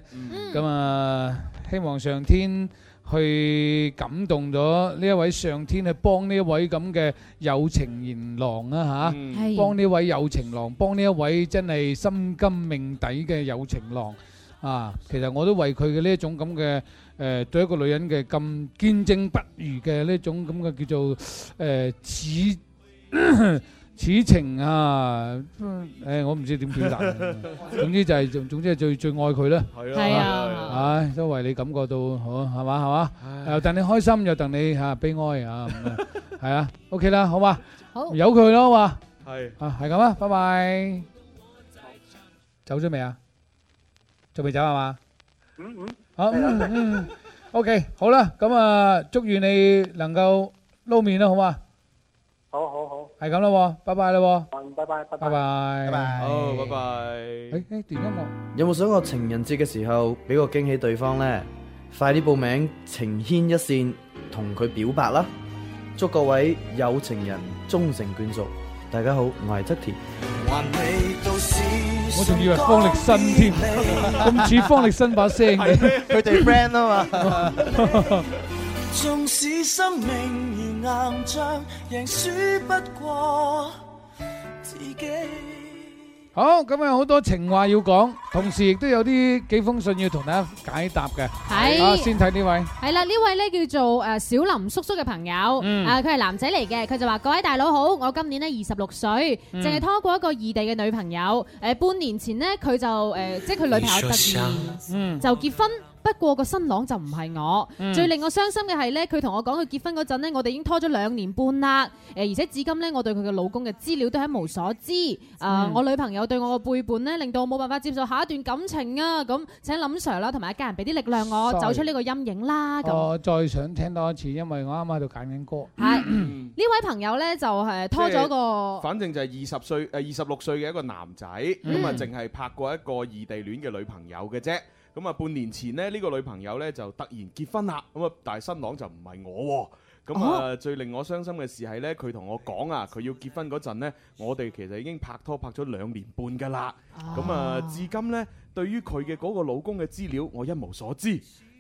[SPEAKER 4] 咁、嗯、啊，希望上天去感動咗呢一位上天去幫呢一位咁嘅有情賢郎啊吓，幫呢、嗯、位有情郎，幫呢一位真係心甘命抵嘅有情郎啊！其實我都為佢嘅呢一種咁嘅。誒，對一個女人嘅咁堅貞不渝嘅呢種咁嘅叫做誒痴痴情啊，誒我唔知點表達。總之就係總總之係最最愛佢啦。係啊，都為你感覺到，嗬，係嘛，係嘛，又戥你開心又戥你吓悲哀啊，係啊。OK 啦，好嘛，好，由佢咯嘛。係啊，係咁啊，拜拜。走咗未啊？仲未走係嘛？嗯嗯。好，嗯，OK，好啦，咁啊，祝願你能夠撈面啦，好嘛？
[SPEAKER 3] 好好
[SPEAKER 4] 好，係咁啦，拜拜啦，拜拜，拜拜，拜拜，好，拜拜。誒誒，段音樂，有冇
[SPEAKER 6] 想過情人節嘅時候俾個驚喜對方呢？快啲報名情牽一線，同佢表白啦！祝各位有情人終成眷屬。大家好，我係側
[SPEAKER 5] 田，我仲以為方力申添，咁似方力申把聲嘅，
[SPEAKER 3] 佢哋 friend 啊嘛。
[SPEAKER 4] 好，咁啊好多情話要講，同時亦都有啲幾封信要同大家解答嘅。係，先睇呢位。
[SPEAKER 6] 係啦，呢位咧叫做誒小林叔叔嘅朋友，啊佢係男仔嚟嘅，佢就話，各位大佬好，我今年咧二十六歲，淨係拖過一個異地嘅女朋友，誒半年前咧佢就誒即係佢女朋友突然，嗯就結婚。不過個新郎就唔係我，最令我傷心嘅係咧，佢同我講佢結婚嗰陣咧，我哋已經拖咗兩年半啦。誒，而且至今咧，我對佢嘅老公嘅資料都係一無所知。啊，我女朋友對我嘅背叛咧，令到我冇辦法接受下一段感情啊！咁請林 Sir 啦，同埋一家人俾啲力量我走出呢個陰影啦！咁我
[SPEAKER 4] 再想聽多一次，因為我啱啱喺度揀緊歌。係
[SPEAKER 6] 呢位朋友咧就係拖咗個，
[SPEAKER 5] 反正就係二十歲誒二十六歲嘅一個男仔，咁啊淨係拍過一個異地戀嘅女朋友嘅啫。咁啊、嗯，半年前咧，呢、這個女朋友呢，就突然結婚啦。咁啊，但係新郎就唔係我喎、啊。咁、嗯哦、啊，最令我傷心嘅事係呢，佢同我講啊，佢要結婚嗰陣咧，我哋其實已經拍拖拍咗兩年半㗎啦。咁啊、嗯，至今呢，對於佢嘅嗰個老公嘅資料，我一無所知。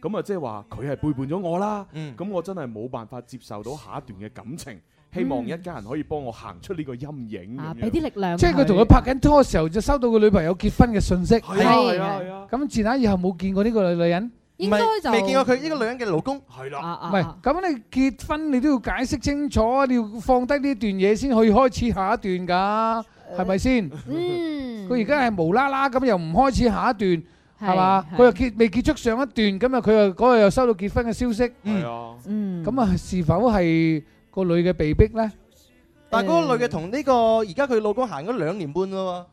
[SPEAKER 5] 咁啊，即係話佢係背叛咗我啦。咁、嗯、我真係冇辦法接受到下一段嘅感情。希望一家人可以幫我行出呢個陰
[SPEAKER 4] 影，俾啲力量。即係佢同佢拍緊拖嘅時候，就收到佢女朋友結婚嘅信息。係啊，係啊。咁自打以後冇見過呢個女人，應該就未見過佢呢個女人嘅老公。
[SPEAKER 2] 係啦，唔係，
[SPEAKER 4] 咁你結婚你都要解釋清楚，你要放低呢段嘢先可以開始下一段㗎，係咪先？嗯，佢而家係無啦啦咁又唔開始下一段，係嘛？佢又結，未結束上一段，咁佢又嗰日又收到結婚嘅消息。係啊，嗯，咁係是否係？個女嘅被逼咧，但係嗰個女嘅同呢
[SPEAKER 2] 個而家佢老公行咗兩年半咯，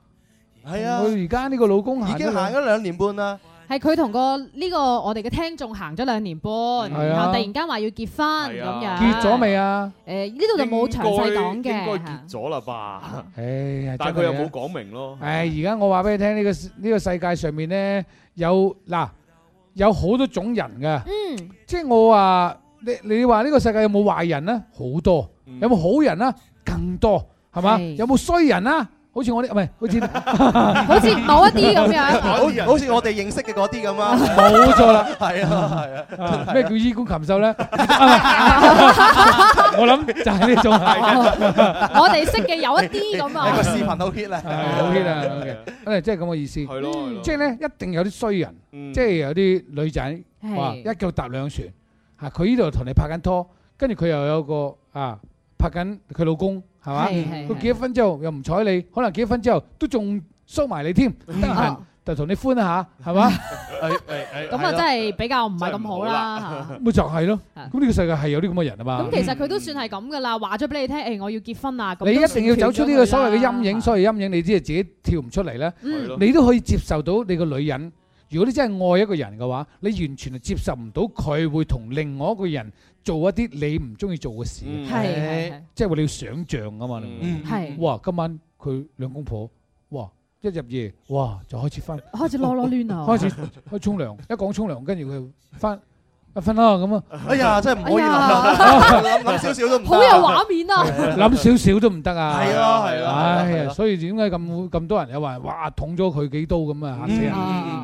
[SPEAKER 2] 係啊，佢而
[SPEAKER 4] 家呢個老公已經行咗兩
[SPEAKER 2] 年半啦，
[SPEAKER 6] 係佢同個呢個我哋嘅聽眾行咗兩年半，然後突然間話要結婚咁樣，結咗未啊？誒，呢度就冇詳細講嘅，應該
[SPEAKER 2] 結咗啦吧？
[SPEAKER 4] 哎呀，但係佢又冇講明咯。誒，而家我話俾你聽，呢個呢個世界上面咧有嗱有好多種人㗎，即係我話。你你話呢個世界有冇壞人咧？好多，有冇好人咧？更多，係嘛？有冇衰人咧？好似我啲唔係，好似好似某一啲咁樣，好似
[SPEAKER 2] 我哋認識嘅嗰啲咁樣，冇錯啦，
[SPEAKER 4] 係啊，係啊，咩叫衣冠禽獸咧？我諗就係呢種，我
[SPEAKER 2] 哋識嘅有一啲咁啊。視頻好 hit 啊，好
[SPEAKER 4] hit 啊，誒，即係咁嘅意思，即係咧，一定有啲衰人，即係有啲女仔話，一腳踏兩船。啊！佢呢度同你拍緊拖，跟住佢又有個啊拍緊佢老公，係嘛？佢是結咗婚之後又唔睬你，可能結婚之後都仲收埋你添， 得閒就同你歡啊嚇，係嘛？咁啊、 哎哎哎、 真係
[SPEAKER 6] 比較唔係咁好啦
[SPEAKER 4] 咪 就係咯。咁呢 個世界係有啲咁嘅人啊嘛。咁 其實
[SPEAKER 6] 佢都算係咁噶啦，話咗俾你聽，誒、哎、我要結婚啊。你一定要走出呢個所謂嘅陰
[SPEAKER 4] 影，所謂 陰影你知係，自己跳唔出嚟咧。的你都可以接受到你個女人，如果你真係愛一個人嘅話，你完全係接受唔到佢會同另外一個人做一啲你唔中意做嘅事，係、mm，hmm. 即係你要想象啊嘛，係、mm。Hmm. 是哇！今晚佢兩公婆，哇！一入夜，哇就開始返，開始囉囉攣啊，開始，開始沖涼，一講沖涼，跟住佢返。一分咯咁啊！哎呀，真係唔可以諗少少都唔得，好有畫面啊！諗少少都唔得啊！係咯係咯，唉呀，所以點解咁咁多人又話哇捅咗佢幾刀咁啊，嚇死人！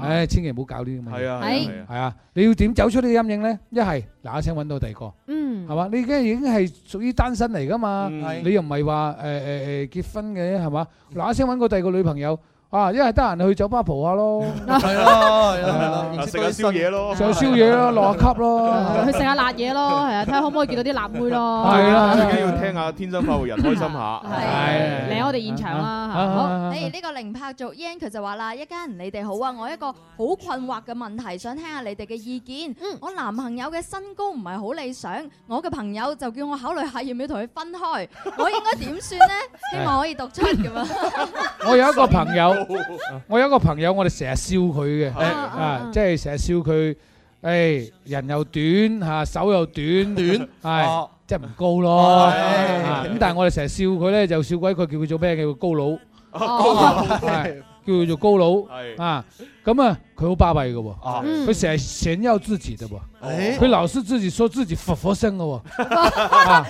[SPEAKER 4] 唉，千祈唔好搞呢啲咁嘅，係啊係啊係啊！你要點走出呢個陰影咧？一係嗱，一聲揾到第二個，嗯，係嘛？你已經已經係屬於單身嚟噶嘛？你又唔係話誒誒誒結婚嘅係嘛？嗱，一聲揾個第二個女朋友。啊！因為得閒去酒吧蒲下咯，
[SPEAKER 5] 係啊，食下宵夜咯，上宵夜咯，落下級咯，
[SPEAKER 6] 去食下辣嘢咯，係啊，睇下可唔可以見到啲辣妹咯。係啦，最緊要聽
[SPEAKER 5] 下天生快活人開心下，
[SPEAKER 1] 嚟我哋現場啦。好，誒呢個零拍族 Yan 佢就話啦：一家人，你哋好啊！我一個好困惑嘅問題，想聽下你哋嘅意見。嗯，我男朋友嘅身高唔係好理想，我嘅朋友就叫我考慮下要唔要同佢分開，我應該點算咧？希望可以讀出咁啊！我
[SPEAKER 4] 有一個朋友。我有一個朋友，我哋成日笑佢嘅，是啊，即係成日笑佢，誒、哎，人又短吓、啊，手又短，短係， 即係唔高咯。咁 但係我哋成日笑佢咧，就笑鬼佢叫佢做咩？叫佢高佬，
[SPEAKER 3] 啊、高
[SPEAKER 4] 叫佢做高佬 是啊。咁啊，佢好巴閉噶喎，佢成日炫耀自己嘅噃，佢老是自己說自己佛佛聲噶
[SPEAKER 3] 喎，啊，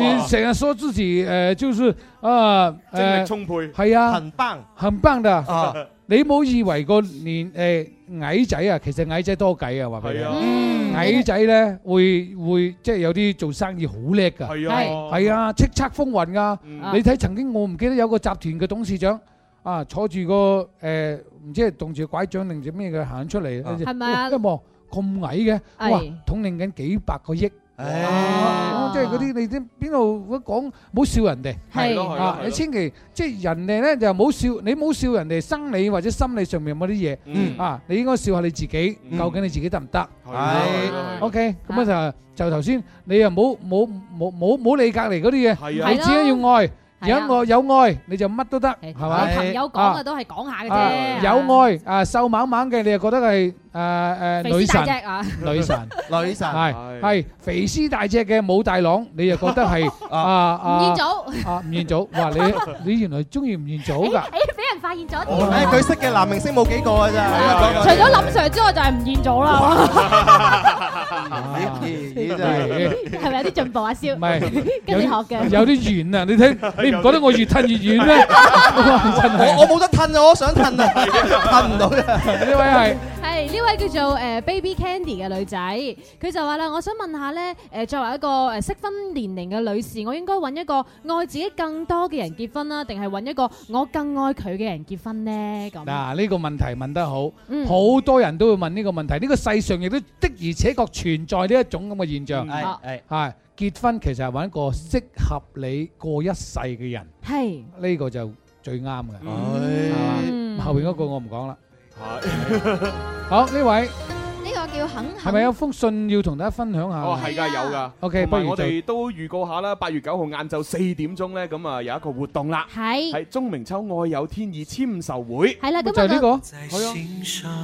[SPEAKER 3] 你成
[SPEAKER 4] 日說自己誒，就是啊精力充沛，係啊，很棒，很棒的。啊，你唔好以為個年誒矮仔啊，其實矮仔多計啊，話俾你聽，矮仔咧會會即係有啲做生意好叻噶，係啊，係啊，叱咤風雲噶。你睇曾經我唔記得有個集團嘅董事長。啊，坐住個誒，唔知係棟住個拐杖定住咩嘅行出嚟，一望咁矮嘅，哇，統領緊幾百個億，即係嗰啲你啲邊度講，唔好笑人哋，啊，你千祈即係人哋咧就唔好笑，你唔好笑人哋生理或者心理上面嗰啲嘢，啊，你應該笑下你自己，究竟你自己得唔得？係，OK，咁啊就就頭先，你又冇冇冇冇冇理隔籬嗰啲嘢，你自己要愛。有愛你就乜都得，係嘛？朋友講嘅都
[SPEAKER 6] 係講下嘅啫。有愛
[SPEAKER 4] 啊，啊有愛，呃，瘦猛猛嘅，你又覺得係。誒誒，女神，女
[SPEAKER 2] 神，女神，係係
[SPEAKER 4] 肥屍大隻嘅武大郎，你又覺得係啊？吳彥祖啊，吳彥祖，哇，你你原來中意吳彥祖噶？誒，俾
[SPEAKER 6] 人發現咗。誒，佢
[SPEAKER 4] 識嘅男明星冇幾個啊，真係。除咗林 Sir 之
[SPEAKER 6] 外，就係吳彥祖啦。呢呢真係係咪有啲進步啊？
[SPEAKER 4] 蕭，唔係，跟住學
[SPEAKER 2] 嘅。有
[SPEAKER 4] 啲遠啊！你聽，你唔覺得我越褪越遠咩？
[SPEAKER 2] 我我冇得褪咋，我想褪啊，褪唔到咋。呢位係。
[SPEAKER 6] 係呢位叫做誒 Baby Candy 嘅女仔，佢就話啦，我想問下呢，誒，作為一個誒適婚年齡嘅女士，我應該揾一個愛自己更多嘅人結婚啦，定係揾一個我更愛佢嘅人結婚呢？咁嗱，
[SPEAKER 4] 呢個問題問得好，好多人都會問呢個問題，呢個世上亦都的而且確存在呢一種咁嘅現象。係係啊，結婚其實係揾一個適合你過一世嘅人，係呢個就最啱嘅。係，後邊嗰個我唔講啦。係， 好，呢位，
[SPEAKER 1] 呢個叫肯係咪有
[SPEAKER 4] 封信要同大家分享下？哦，係噶有噶。OK，不如有我哋
[SPEAKER 5] 都預告下啦。八月九號晏晝四點鐘咧，咁啊有一個活動啦。係的，係鍾明秋愛有天意簽售會。係啦，咁就係、那、呢個，好、這個！
[SPEAKER 2] 的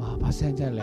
[SPEAKER 2] 哇，把聲真係靚。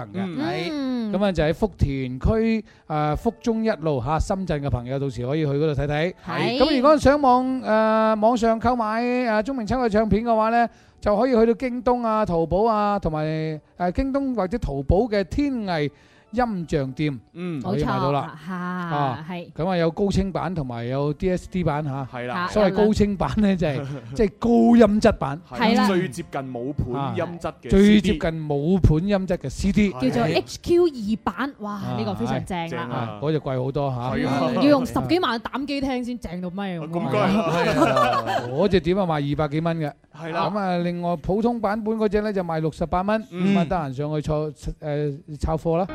[SPEAKER 4] 係，咁啊就喺福田區誒福中一路吓，深圳嘅朋友到時可以去嗰度睇睇。係，咁如果上網誒網上購買誒鍾明秋嘅唱片嘅話呢，就可以去到京東啊、淘寶啊，同埋誒京東或者淘寶嘅天藝。音像店，嗯，可以買到啦，嚇，
[SPEAKER 6] 係，
[SPEAKER 4] 咁啊有高清版同埋有 DSD 版嚇，係啦，所謂高清版咧就係即係高音質版，係啦，最接近母盤音質嘅，最接近母盤音質嘅 CD，叫做
[SPEAKER 6] HQ 二版，哇，呢個非常正啦，
[SPEAKER 4] 嗰隻貴好多嚇，要用十幾
[SPEAKER 6] 萬膽機聽先正到
[SPEAKER 3] 咩？咁
[SPEAKER 4] 嗰隻點啊賣二百幾蚊嘅，係啦，咁啊另外普通版本嗰隻咧就賣六十八蚊，你咪得閒上去炒誒炒貨啦。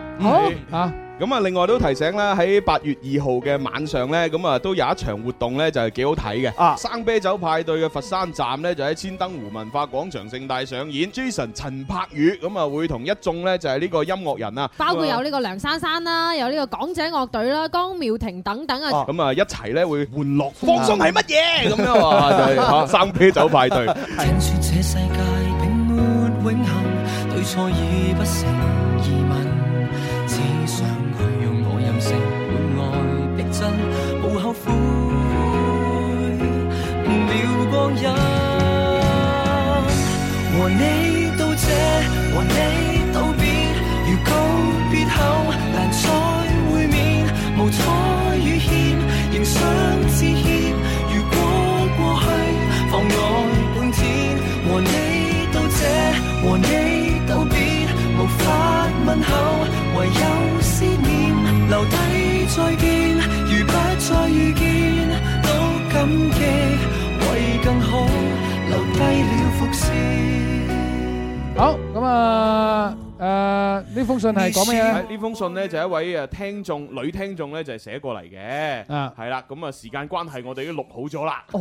[SPEAKER 5] 吓，咁啊！另外都提醒啦，喺八月二號嘅晚上咧，咁啊都有一場活動咧，就係幾好睇嘅啊！生啤酒派對嘅佛山站咧，就喺千燈湖文化廣場盛大上演。Jason、陳柏宇咁啊，會同一眾咧就係呢個音樂人啊，包括有呢
[SPEAKER 6] 個梁珊珊啦，有呢個港姐樂隊啦，江妙婷等等啊，
[SPEAKER 5] 咁啊一齊咧會玩樂放鬆係乜嘢咁樣？就係生啤酒派對。
[SPEAKER 6] 和
[SPEAKER 2] 你到這，和你道別。如告別後難再會面，無彩與欠，仍想致歉。如果過去妨礙半天，和你到這，和你道別，無法問候，唯有思念，留低再見。
[SPEAKER 4] 好咁啊，誒，呢封信係講咩嘢？呢封信咧
[SPEAKER 5] 就一位誒聽眾、女聽眾咧就係寫過嚟嘅，係啦。咁啊時間關係，我哋都錄好咗啦。
[SPEAKER 4] 哦，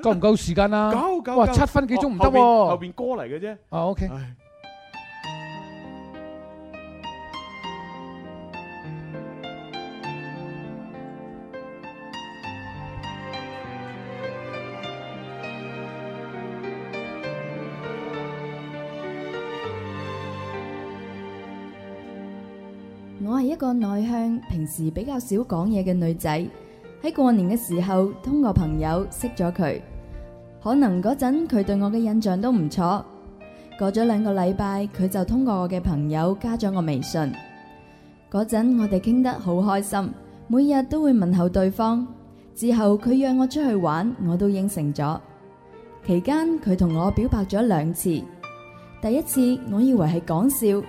[SPEAKER 4] 夠唔夠時間啊？夠夠，哇七分幾鐘唔得，後面歌嚟嘅啫。啊，OK。
[SPEAKER 1] 個內向、平時比較少講嘢嘅女仔，喺過年嘅時候通過朋友識咗佢。可能嗰陣佢對我嘅印象都唔錯。過咗兩個禮拜，佢就通過我嘅朋友加咗我微信。嗰陣我哋傾得好開心，每日都會問候對方。之後佢約我出去玩，我都應承咗。期間佢同我表白咗兩次，第一次我以為係講笑，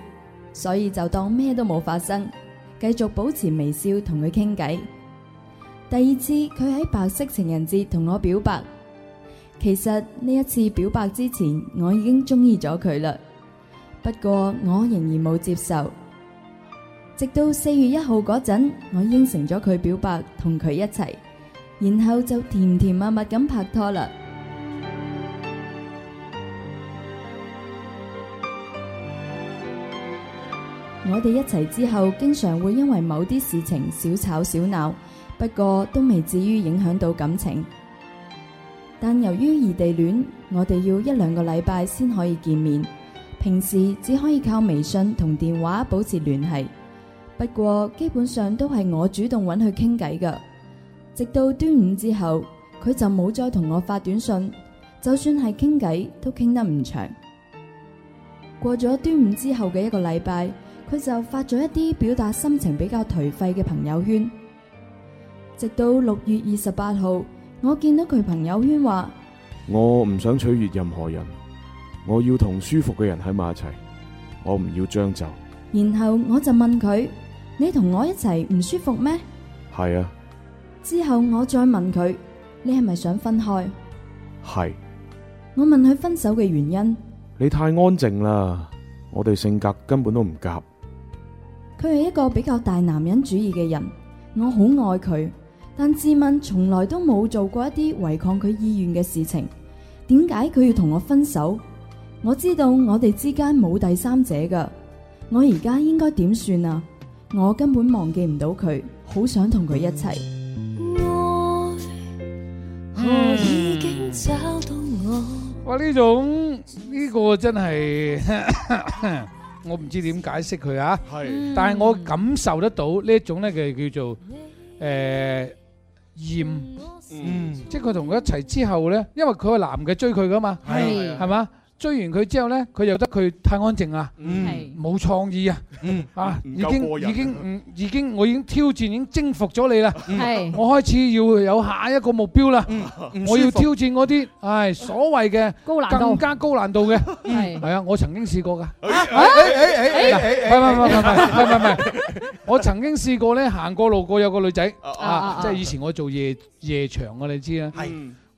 [SPEAKER 1] 所以就當咩都冇發生。繼續保持微笑同佢傾偈。第二次，佢喺白色情人節同我表白，其實呢一次表白之前，我已經中意咗佢啦。不過我仍然冇接受，直到四月一號嗰陣，我應承咗佢表白，同佢一齊，然後就甜甜蜜蜜咁拍拖啦。我哋一齊之後，經常會因為某啲事情小吵小鬧，不過都未至於影響到感情。但由於異地戀，我哋要一兩個禮拜先可以見面，平時只可以靠微信同電話保持聯繫。不過基本上都係我主動揾佢傾偈㗎。直到端午之後，佢就冇再同我發短信，就算係傾偈都傾得唔長。過咗端午之後嘅一個禮拜。佢就發咗一啲表達心情比較頹廢嘅朋友圈，直到六月二十八號，我見到佢朋友圈話：
[SPEAKER 5] 我唔想取悅任何人，我要同舒服嘅人喺埋一齊，我唔要將就。
[SPEAKER 1] 然後我就問佢：你同我一齊唔舒服咩？係啊。之後我再問佢：你係咪想分開？係。我問佢分手嘅原因。
[SPEAKER 5] 你太安靜啦，我哋性格根本都唔夾。
[SPEAKER 1] 佢係一個比較大男人主義嘅人，我好愛佢，但自問從來都冇做過一啲違抗佢意願嘅事情，點解佢要同我分手？我知道我哋之間冇第三者噶，我而家應該點算啊？我根本忘記唔到佢，好想同佢一齊。我
[SPEAKER 3] 已經找到我，
[SPEAKER 1] 我呢、嗯、種呢、呢個
[SPEAKER 4] 真係。 我唔知點解釋佢啊，是但係我感受得到呢一種咧，就叫做誒厭，呃、嗯，嗯即係佢同佢一齊之後咧，因為佢係男嘅追佢噶嘛，係嘛是？追完佢之後咧，佢又得佢太安靜啊，冇創意啊，啊已經已經嗯已經我已經挑戰已經征服咗你啦，我開始要有下一個目標啦，我要挑戰嗰啲唉所謂嘅更加高難度嘅，係啊，我曾經試過㗎，唔係唔係唔係唔係唔係，我曾經試過咧，行過路過有個女仔啊，即係以前我做夜夜場㗎，你知啦。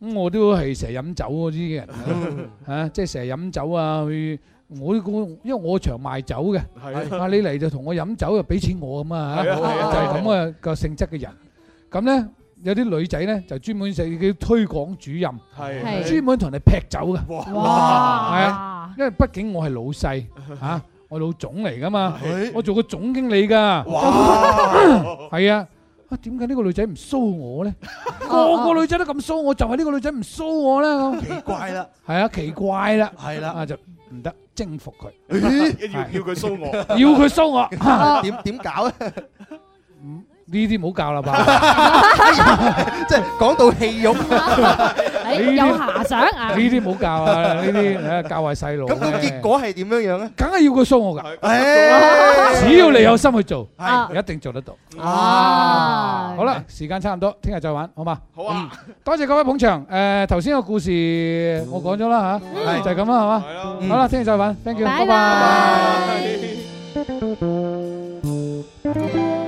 [SPEAKER 4] 咁我都係成日飲酒嗰啲人嚇，即係成日飲酒啊！去我呢個，因為我場賣酒嘅，啊你嚟就同我飲酒就俾錢我咁啊嚇，就係咁啊個性質嘅人。咁咧有啲女仔咧就專門食叫推廣主任，係專門同你劈酒嘅。哇！因為畢竟我係老細嚇，我老總嚟噶嘛，我做個總經理噶係啊。啊，點解呢個女仔唔騷我咧？啊、個個女仔都咁騷，我就係、是、呢個女仔唔騷我啦！奇怪啦，係啊，奇怪啦，係啦、啊，就唔得，征服佢， 要佢騷我， 要佢騷我，點、啊、點搞
[SPEAKER 2] 咧？
[SPEAKER 4] 嗯呢啲唔好教啦吧，即係講到戲肉，你有遐
[SPEAKER 2] 想啊？呢啲
[SPEAKER 4] 唔好教啊，呢啲誒教壞細路。咁個結果係點樣樣咧？梗係要個 show 噶，係，只要你有心去做，係一定做得到。啊，好啦，時間差唔多，聽日再玩，好嘛？好啊，多謝各位捧場。誒，頭先個故事我講咗啦吓，係就係咁啦，係嘛？係咯，好啦，聽日再玩，thank you，拜拜。